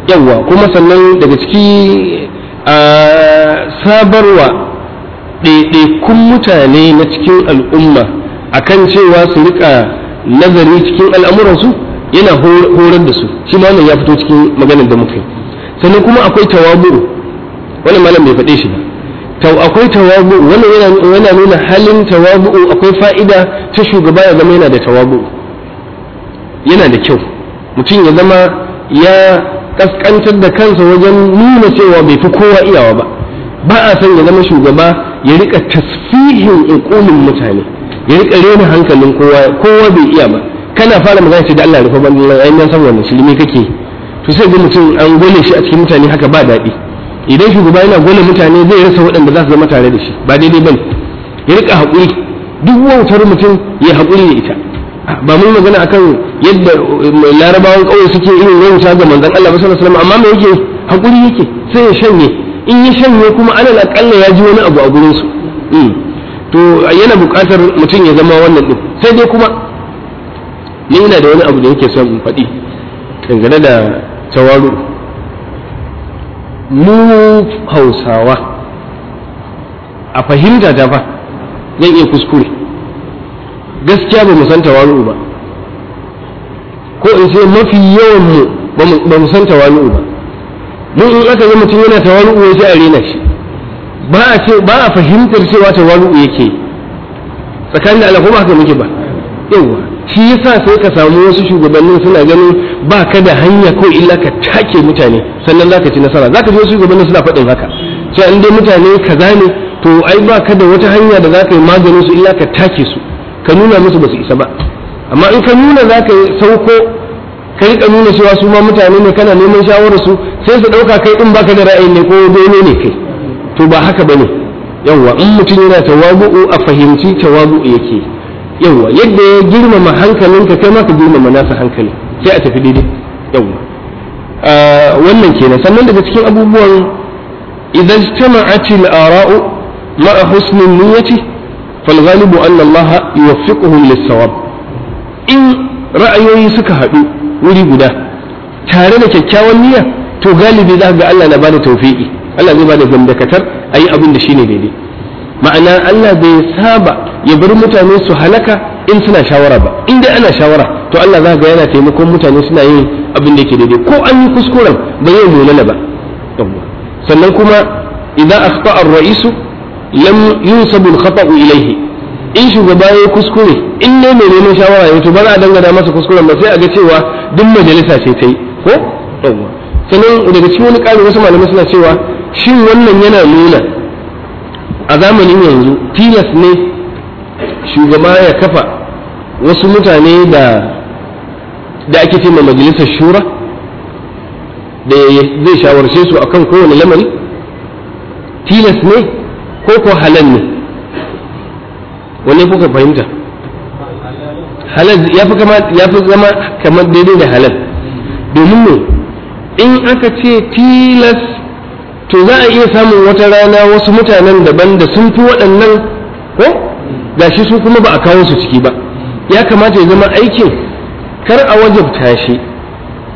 yawa kuma sannan daga ciki a sabarwa ɗaiɗaikun mutane na cikin al'umma akan cewa su rika nazari cikin al'amuransu yana horar da su shi ma ya fito cikin maganar da muka sannan kuma akwai tawaburu, wannan malam bai faɗe shi ba tau akwai tawabu wannan yana nuna halin tawabu akwai fa'ida ta shugaba ya zama yana da tawabu yana da kyau mutum ya zama ya kaskantar da kansa wajen nuna cewa bai fi kowa iyawa ba ba a son ya zama shugaba ya rika tasfihin iqumin mutane ya rika rena hankalin kowa kowa bai iya ba kana fara magana ce da Allah rufa ban nan ayyan san wannan shirme kake to sai ga mutum an gole shi a cikin mutane haka ba daɗi idan shugaba yana gole mutane zai rasa waɗanda za su zama tare da shi ba daidai bane ya rika haƙuri duk wautar mutum ya haƙuri da ita ba mun magana akan yadda eh, mai larabawan kauye suke irin wauta ga manzan, Allah sallallahu alaihi wasallam amma me yake hakuri yake sai ya shanye in ya shanye kuma alal aqalla ya ji wani abu a gurin su hmm. to yana buƙatar mutum ya zama wannan din sai dai kuma ni ina da wani abu da yake son in faɗi dangane da tawaru mu Hausawa a fahimta ta fa zan iya kuskure gaskiya ba mu san tawalu ba ko in ce mafi yawan mu ba mu san tawalu ba Mun in aka yi mutum yana tawali'u ya ce a rena shi ba a ce ba a fahimtar cewa tawalu yake tsakanin da Allah ba haka muke ba yawa shi yasa sai ka samu wasu shugabannin suna ganin ba ka da hanya ko illa ka take mutane sannan za ka ci nasara Za ka ji wasu shugabannin suna faɗin haka sai an dai mutane kaza ne to ai ba ka da wata hanya da za ka yi maganin su illa ka take su ka nuna musu ba su isa ba amma in ka nuna za ka sauko ka yi nuna cewa su ma mutane ne kana neman shawarar su sai su ɗauka kai in baka da ra'ayi ne ko bene ne kai to ba haka ne. yawwa in mutum yana tawagu'u a fahimci tawagu'u yake yawwa yadda ya girmama hankalinka kai ma ka girmama nasa hankali sai a tafi daidai yawwa ah, wannan kenan sannan daga cikin abubuwan idan jama'atil ara'u ma'a husnin niyyati فالغالب أن الله يوفقهم للصواب In ra'ayoyi suka haɗu wuri guda tare da kyakkyawan niyya to galibi za ga Allah na bada da taufiƙi Allah zai ba da gamdakatar a yi abin da shine daidai ma'ana Allah bai saba ya bar mutane su halaka in suna shawara ba in dai ana shawara to Allah za yana taimakon mutane suna yin abin da yake daidai ko an yi kuskuren ba yau nuna ba sannan kuma idan a ruwa isu. lam yusabu al-khata'u ilayhi in shugaba ya kuskure in ne mai neman shawara ya to ba za a dangana masa kuskuren ba sai a ga cewa duk majalisa ce ta yi ko yawa sannan daga cikin wani ƙari wasu malamai suna cewa shin wannan yana nuna a zamanin yanzu tilas ne shugaba ya kafa wasu mutane da da ake ce majalisar shura da zai shawarce su akan kowane lamari tilas ne ko ko halal ne wani kuka fahimta halal ya fi zama kamar daidai da halal domin ne in aka ce tilas to za a iya samun wata rana wasu mutanen daban da sun fi waɗannan ko gashi su kuma ba a kawo su ciki ba ya kamata ya zama aikin kar a wajabta shi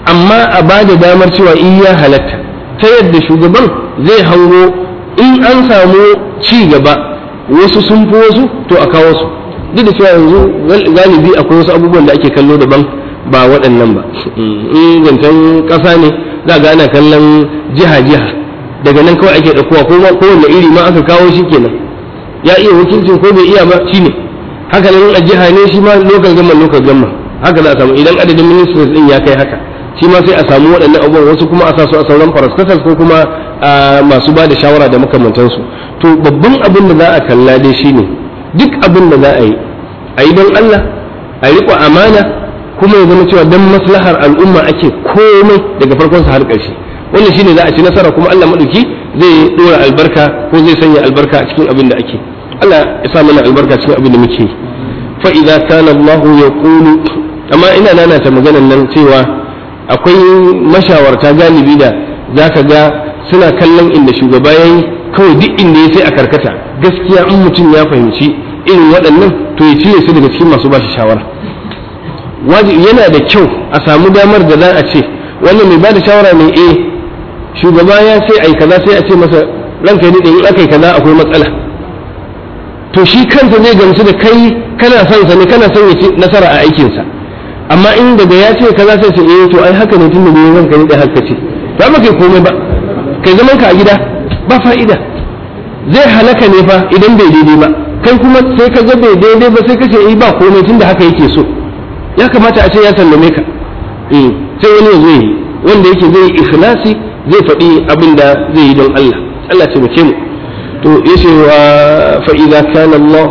amma a ba da damar cewa in ya halatta ta yadda shugaban zai hango in an samu ci gaba wasu sun fi wasu to a kawo su duk da cewa yanzu galibi akwai wasu abubuwan da ake kallo daban ba waɗannan ba mm, in zancen ƙasa ne za ga ana kallon jiha jiha daga nan kawai ake ɗaukowa ko kowane iri ma aka kawo shi kenan ya iya wakilcin ko bai iya ba shi ne haka nan a jiha ne shi ma lokal gamma lokal gamma haka za a samu idan adadin ministers din ya kai haka shi ma sai a samu waɗannan abubuwan wasu kuma a sa su a sauran faras ko kuma A masu ba da shawara da makamantansu to babban abin da za a kalla dai shine duk abin da za a yi a yi don Allah a riƙo amana kuma ya zama cewa don maslahar al'umma ake komai daga farkonsa har ƙarshe wannan shine za a ci nasara kuma Allah maɗauki zai ɗora albarka ko zai sanya albarka a cikin abin da ake Allah ya sa mana albarka cikin abin da muke fa idza kana Allah amma ina nanata maganar nan cewa akwai mashawarta galibi da zaka ga suna kallon inda shugaba ya yi kawai duk inda ya sai a karkata gaskiya in mutum ya fahimci irin waɗannan to ya cire su daga cikin masu bashi shawara wajibi yana da kyau a samu damar da za a ce wannan mai bada shawara mai eh shugaba ya sai yi kaza sai a ce masa ranka ne in aka yi kaza akwai matsala to shi kansa zai gamsu da kai kana son sa ne kana son ya ci nasara a aikinsa amma in daga ya ce kaza sai sai eh to ai haka ne tun da ne ranka ne da haka ce ba mu kai komai ba kai zaman ka a gida ba fa'ida zai halaka ne fa idan bai daidai ba kai kuma sai ka ga bai daidai ba sai ka ce eh, ba komai tun da haka yake so ya kamata a ce ya sallame ka eh, sai wani ya zai wanda yake zai ikhlasi zai faɗi abin da zai yi don Allah Allah taimake mu to yace wa fa idza kana Allah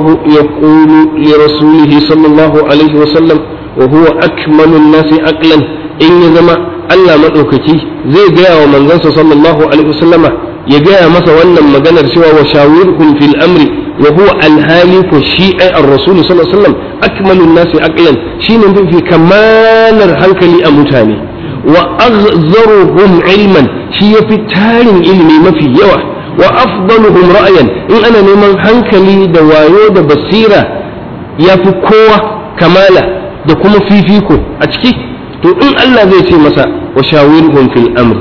li rasulihi sallallahu alaihi wa sallam wa huwa akmalu nasi aqlan in ya zama Allah maɗaukaki zai gaya wa manzansa sallallahu alaihi wasallama ya gaya masa wannan maganar cewa wa shawirhum fil amri wa huwa alhali ko shi ai ar-rasul sallallahu alaihi wasallam akmalun nasi aqlan shine mafi kamalar hankali a mutane wa azzaruhum ilman shi yafi tarin ilimi mafi yawa wa afdaluhum ra'yan in ana neman hankali da wayo da basira yafi kowa kamala da kuma fifiko a ciki to in Allah zai ce masa وشاورهم في الأمر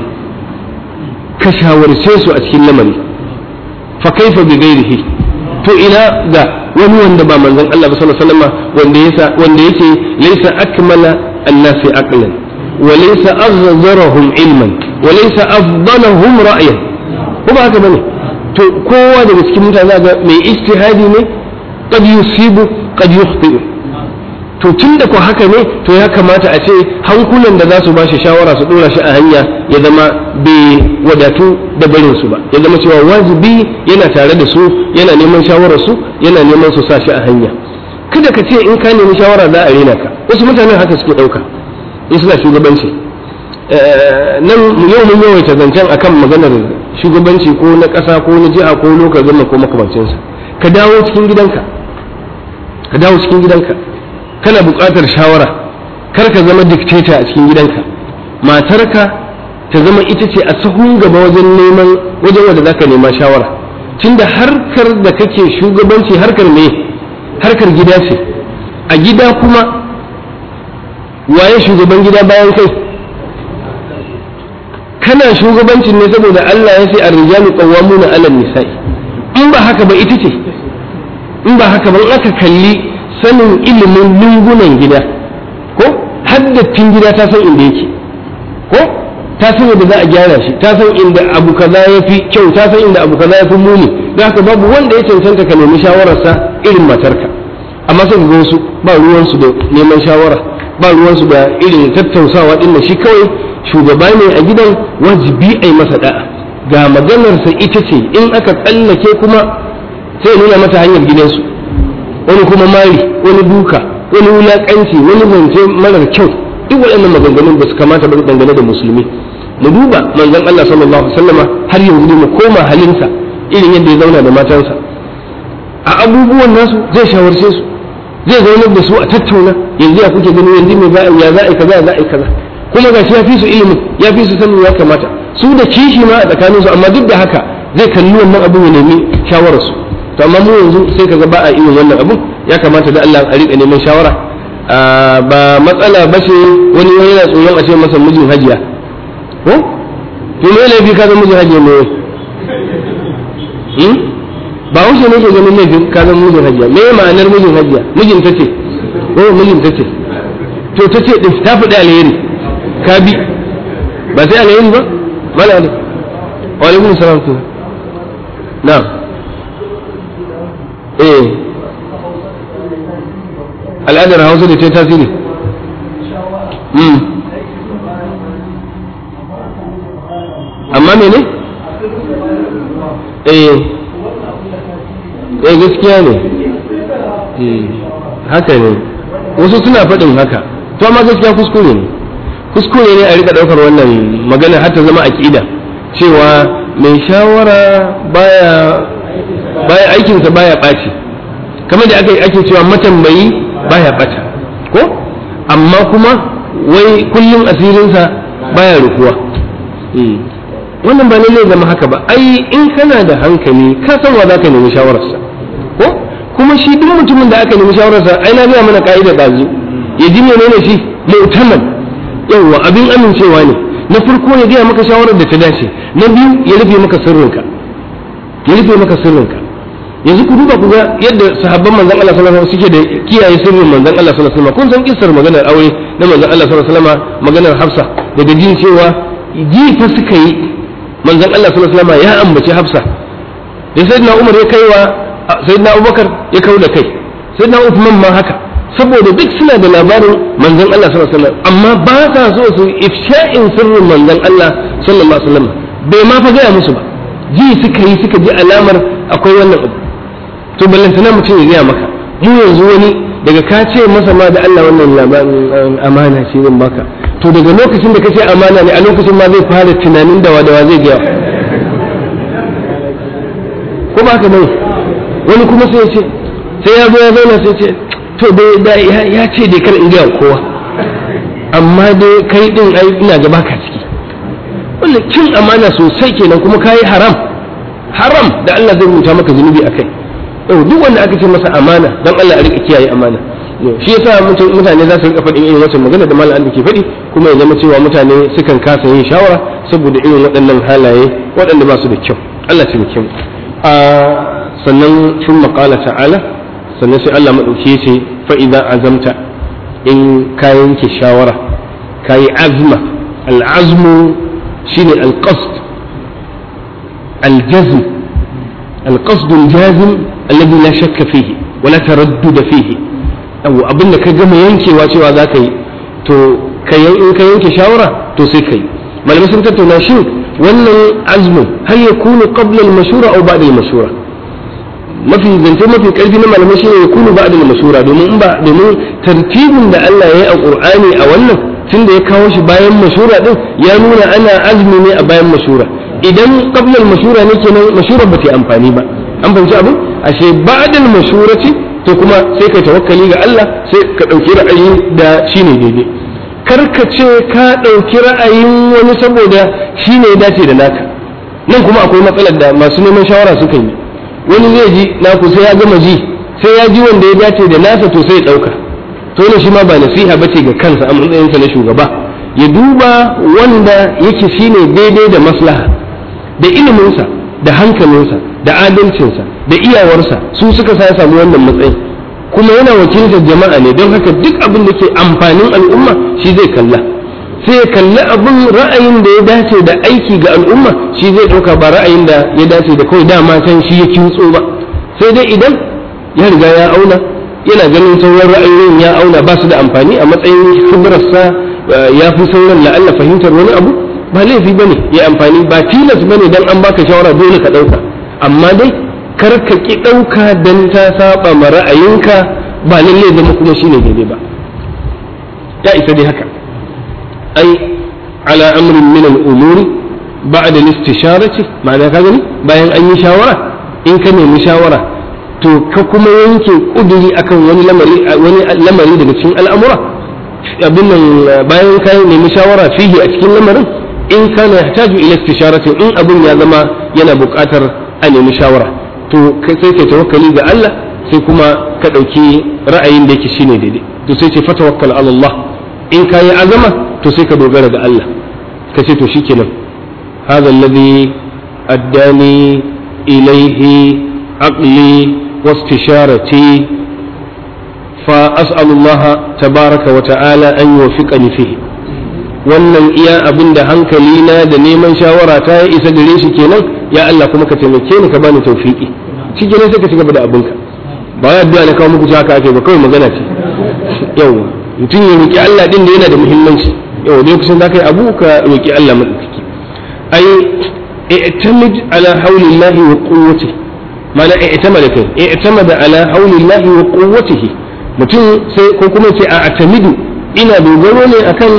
كشاور سيسو أسكين لمن فكيف بغيره فإلى ذا ومن وان دبا من ذن الله صلى الله عليه وسلم وان ليس أكمل الناس عقلا وليس أغذرهم علما وليس أفضلهم رأيا هو هذا بني تقوى دا بسكين متعذاب من اجتهاد قد يصيب قد يخطئ to tun da ku haka ne to ya kamata a ce hankulan da za su ba shi shawara su dora shi a hanya ya zama bai wadatu da barin su ba ya zama cewa wajibi yana tare da su yana neman shawarar su yana neman su sa a hanya kada ka ce in ka nemi shawara za a rena ka wasu mutanen haka suke ɗauka in suna shugabanci eh, nan yau mun yawaita zancen akan maganar shugabanci ko na ƙasa ko na jiha ko lokacin ko makamancinsa ka dawo cikin gidanka ka dawo cikin gidanka kana buƙatar shawara kar ka zama dictator a cikin gidanka matarka ta zama ita ce a sahun gaba wajen neman wajen wanda zaka nema shawara tunda harkar da kake shugabanci harkar me harkar gida ce a gida kuma waye shugaban gida bayan kai kana shugabancin ne saboda Allah ya ce ar-rijalu qawwamuna 'ala nisai in ba haka ba ita ce in ba haka ba in aka kalli sanin ilimin lungunan gida ko haddacin gida ta san inda yake ko ta san yadda za a gyara shi ta san inda abu kaza ya fi kyau ta san inda abu kaza ya fi muni da haka babu wanda ya cancanta ka nemi shawararsa irin matarka amma sai ga wasu ba ruwansu da neman shawara ba ruwansu da irin tattausawa din shi kawai shugaba ne a gidan wajibi a yi masa da'a ga maganarsa ita ce in aka tsallake kuma sai nuna mata hanyar gidansu wani kuma mari wani duka wani wulaƙanci wani zance marar kyau duk waɗannan maganganun ba su kamata ba dangane da musulmi mu duba manzan Allah sallallahu alaihi wasallama har yanzu mu koma halinsa irin yadda ya zauna da matansa a abubuwan nasu zai shawarce su zai zaunar da su a tattauna yanzu ya kuke gani yanzu za'a ya za'a kaza za'a a kuma ga shi ya fi su ilimin ya fi su sanin ya kamata su da kishi ma a tsakaninsu amma duk da haka zai kalli wannan abu ya nemi shawararsu to amma mu yanzu sai kaga ba a iya wannan abun ya kamata da Allah a rika neman shawara ba matsala ba ce wani wani yana tsoron a ce masa mijin hajiya ko to me laifi ka ga mijin hajiya ne hmm ba wuce ne ke ganin laifi ka ga mijin hajiya me ma'anar mijin hajiya mijin ta ce ko mijin ta ce to ta ce din ta faɗi alheri ka bi ba sai alheri ba wa alaikum salam na'am eh al'adar hausa da ta tasiri hmm. amma mene eh eh gaskiya ne hmm. haka ne wasu suna faɗin haka to amma gaskiya kuskure ne kuskure ne a rika ɗaukar wannan magana har ta zama aƙida cewa mai shawara baya baya aikinsa baya ɓaci kamar da aka yi ake cewa matambayi baya ɓata ko amma kuma wai kullum asirinsa baya rukuwa hmm. wannan ba lallai zama haka ba ai in kana da hankali ka san wa zaka nemi shawararsa ko kuma shi duk mutumin da aka nemi shawararsa ai na gaya mana ka'ida ɗazu ya ji menene shi mu'taman yawwa abin amincewa ne na farko ya gaya maka shawarar da ta dace na biyu ya rufe maka sirrinka ya rufe maka sirrinka yanzu ku duba ku ga yadda sahabban manzon Allah sallallahu alaihi wasallam suke da kiyaye sirrin manzon Allah sallallahu alaihi wasallam kun san kissar maganar aure na manzon Allah sallallahu alaihi wasallam maganar Hafsa da jin cewa ji fa suka yi manzon Allah sallallahu alaihi wasallam ya ambaci Hafsa da sayyidina Umar ya kaiwa sayyidina Abubakar ya kawo da kai sayyidina Uthman ma haka saboda duk suna da labarin manzon Allah sallallahu alaihi wasallam amma ba sa so su ifsha'in sirrin manzon Allah sallallahu alaihi wasallam bai ma fa gaya musu ba ji suka yi suka ji alamar akwai wannan abu to ballantana mutum ya gaya maka mu yanzu wani daga ka ce masa ma da Allah wannan labarin um, amana ce zan baka to daga lokacin da ka ce amana ne a lokacin ma zai fara tunanin dawa dawa zai gaya ko ba ka nan wani kuma sai ya ce sai ya zo ya zauna sai ce to dai ya ce dai kar in gaya kowa amma dai kai din ai ina ga baka ciki wannan cin amana sosai kenan kuma kai haram haram da Allah zai rubuta maka zunubi akai yau duk wanda aka ce masa amana dan Allah a rika kiyaye amana shi yasa mutane za su rika faɗin irin wata magana da da ke faɗi kuma ya zama cewa mutane sukan kasa yin shawara saboda irin waɗannan halaye waɗanda ba su da kyau Allah ta mu a sannan sun maƙala ta'ala sannan sai Allah maɗauki ce fa'iza azamta in ka yanke shawara ka yi azma al'azmu shine al aljazm alqasd aljazim allabi la shakka fihi wala taraddud fihi abu abinda ka gama yankewa cewa za ka yi to in ka yanke shawara to sai ka yi malamai sun tattauna shin wannan azumin har ya kunu qabla al-mashura aw ba'da al-mashura mafi zance mafi karfi na malamai shine ya kunu ba'da al-mashura domin in ba domin tartibin da Allah ya yi a kur'ani a wannan tunda ya kawo shi bayan mashura din ya nuna ana azumi ne a bayan mashura idan qabla al-mashura ne kenan mashura ba ta amfani ba an ashe ba'dal mashurati to kuma sai ka tawakkali ga Allah sai ka dauki ra'ayin da shine daidai karka ce ka dauki ra'ayin wani saboda shine ya dace da naka nan kuma akwai matsalar da masu neman shawara suka yi wani zai ji naku sai ya gama ji sai ya ji wanda ya dace da nasa to sai ya dauka to ne shi ma ba nasiha bace ga kansa a matsayinsa na shugaba ya duba wanda yake shine daidai da maslaha da iliminsa da hankalinsa da adalcinsa da iyawarsa su suka sa samu wannan matsayin. kuma yana wakiltar jama'a ne don haka duk abin da ke amfanin al'umma shi zai kalla sai ya kalli abin ra'ayin da ya dace da aiki ga al'umma shi zai ɗauka ba ra'ayin da ya dace da kawai dama can shi ya kintso ba sai dai idan ya riga ya auna yana ganin sauran ra'ayoyin ya auna ba su da amfani a matsayin hibrarsa eh, ya fi sauran la'alla fahimtar wani abu ba laifi ba ne ya amfani ba tilas ba ne don an baka shawara dole ka dauka amma dai kar ka ki ɗauka dan ta saba ma ra'ayinka ba lallai zama kuma shine daidai ba ya isa dai haka ai ala amrin min al-umur ba'da al-istisharati ma'ana ka gani bayan an yi shawara in ka nemi shawara to ka kuma yanke kuduri akan wani lamari wani lamari daga cikin al'amura abin nan bayan ka nemi shawara fihi a cikin lamarin in kana yahtaju ila istisharati in abun ya zama yana buƙatar a nemi shawara to sai kai tawakkali ga Allah sai kuma ka ɗauki ra'ayin da yake shine daidai to sai ce fatawakkal ala Allah in kayi azama to sai ka dogara ga Allah ka ce to shikenan hadha alladhi addani ilayhi aqli واستشارتي فأسأل الله تبارك وتعالى أن يوفقني فيه wannan iya abin da hankali na da neman shawara ta ya isa gare shi kenan ya Allah kuma ka taimake ni ka bani tawfiki shi kenan sai ka ci gaba da ka. ba ya biya na kawo muku haka ake ba kawai magana ce yau mutum ya roki Allah din da yana da muhimmanci yau dai kusan zaka yi abu ka roki Allah tsiki ai i'tamid ala haulillahi wa quwwati mana i'tamada kai i'tamada ala haulillahi wa quwwatihi mutum sai ko kuma sai a atamidu ina dogaro ne akan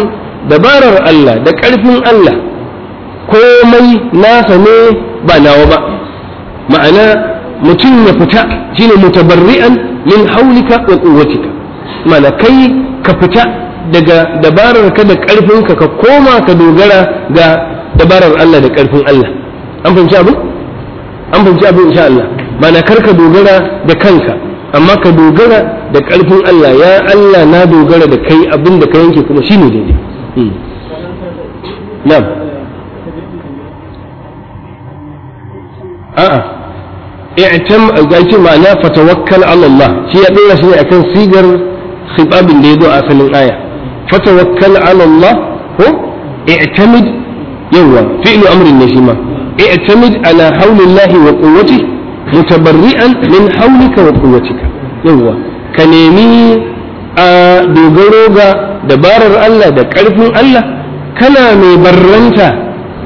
dabarar Allah da ƙarfin Allah komai nasa ne ba nawa ba ma'ana mutum ya fita shine mutabarri'an min haulika wa quwwatika mana kai ka fita daga dabarar ka da ƙarfinka ka koma ka dogara ga dabarar Allah da ƙarfin Allah an fahimci abu an fahimci abu insha Allah mana kar ka dogara da kanka amma ka dogara da ƙarfin Allah ya Allah na dogara da kai abin da ka yanke kuma shine daidai Hmm. na'am a'a i'tam ma'ana fatawakkal ala Allah shi ya dora shi ne akan sigar khitabin da yazo a asalin aya fatawakkal ala Allah ko i'tamid yawa fi'lu amrin ne shi ma i'tamid ala haulillahi wa quwwatihi mutabarri'an min haulika wa ka nemi a dabarar Allah da ƙarfin Allah kana mai barranta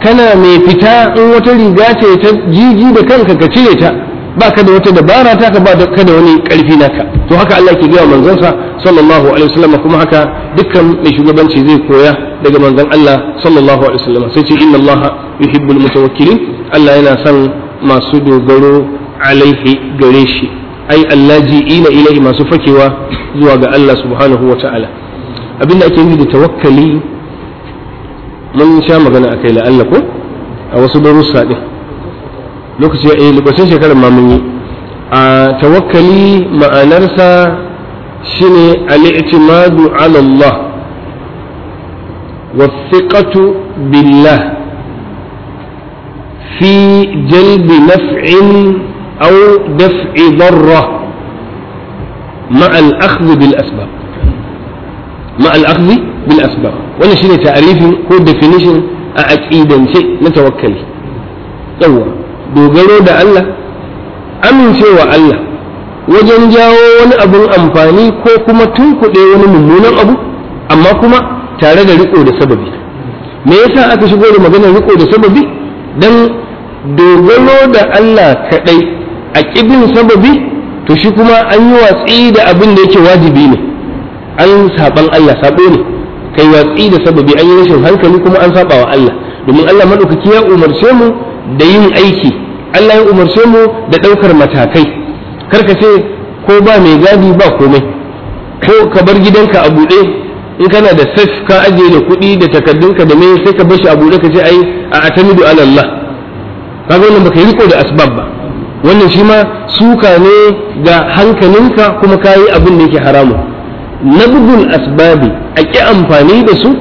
kana mai fita in wata riga ce ta jiji da kanka ka cire ta baka da wata dabara ta ka baka da wani ƙarfi naka to haka Allah ke gaya manzansa sallallahu alaihi wasallam kuma haka dukkan mai shugabanci zai koya daga manzon Allah sallallahu alaihi wasallam sai ce inna Allah yuhibbul mutawakkilin Allah yana son masu dogaro alaihi gare shi ai allaji'ina ilahi masu fakewa zuwa ga Allah subhanahu wa ta'ala abinda ake nufi da tawakkali mun sha magana akai la'alla ko a wasu darussa din lokaci eh lokacin shekarar ma mun yi a tawakkali ma'anarsa shine al-i'timadu ala Allah wa thiqatu billah في جلب نفع أو دفع ضرة مع الأخذ بالأسباب Ma'al al bil asbab wannan shine ta'rifin ko definition a aqidance na tawakkali yawa dogaro da Allah amincewa Allah wajen jawo wani abun amfani ko kuma tunkuɗe wani mummunan abu amma kuma tare da riko da sababi me yasa aka shigo da maganar riko da sababi dan dogaro da Allah kadai a kibin sababi to shi kuma an yi watsi da abin da yake wajibi ne an saban Allah sabo ne kai watsi da sababi an yi rashin hankali kuma an saba wa Allah domin Allah madaukaki ya umarce mu da yin aiki Allah ya umarce mu da daukar matakai kar ka ce ko ba mai gadi ba komai ko ka bar gidanka a buɗe in kana da sai ka ajiye da kuɗi da takardunka da mai sai ka bar shi a buɗe ka ce ai a atamidu ala Allah kaga wannan baka yi ko da asbab ba wannan shi ma suka ne ga hankalinka kuma kayi abin da yake haramun nabdul asbabi a ƙi amfani da su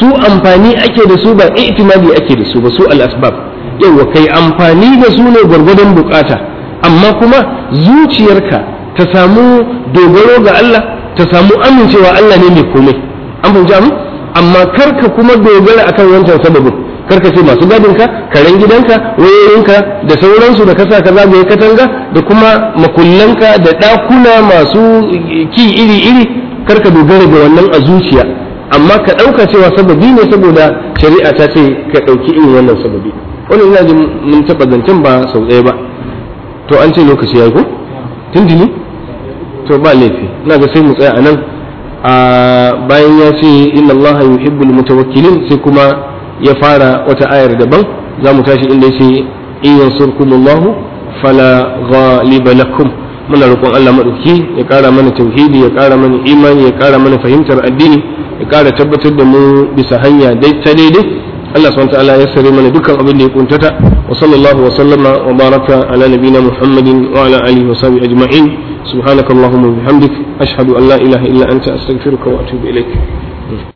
su amfani ake da su ba itimadi ake da su ba su al-asbab yawa kai amfani da su ne gwargwadon bukata amma kuma zuciyarka ta samu dogaro ga Allah ta samu amincewa Allah ne mai komai an fahimci amma karka kuma dogara akan wancan sababin karka ce masu gadin ka karen gidanka wayoyinka da sauransu da kasa ka zagaye katanga da kuma makullanka da ɗakuna masu ki iri iri karka dogara ga wannan a zuciya amma ka ɗauka cewa sababi ne saboda shari'a ta ce ka ɗauki irin wannan sababi wannan ina jin mun taɓa zancen ba sau ɗaya ba to an ce lokaci ya yi ko tindini to ba laifi ina ga sai mu tsaya a nan bayan ya ce inna Allah yuhibbul mutawakkilin sai kuma ya fara wata ayar daban za mu tashi inda ya ce in yansurkumullahu fala ghaliba lakum muna roƙon Allah maɗauki ya ƙara mana tauhidi ya ƙara mana imani ya ƙara mana fahimtar addini ya ƙara tabbatar da mu bisa hanya ta daidai Allah subhanahu ta'ala ya sare mana dukkan abin da ya kuntata wa sallallahu wa sallama wa baraka ala nabina Muhammadin wa ala alihi wa sahbihi ajma'in subhanakallahumma wa bihamdik ashhadu an la ilaha illa anta astaghfiruka wa atubu ilaik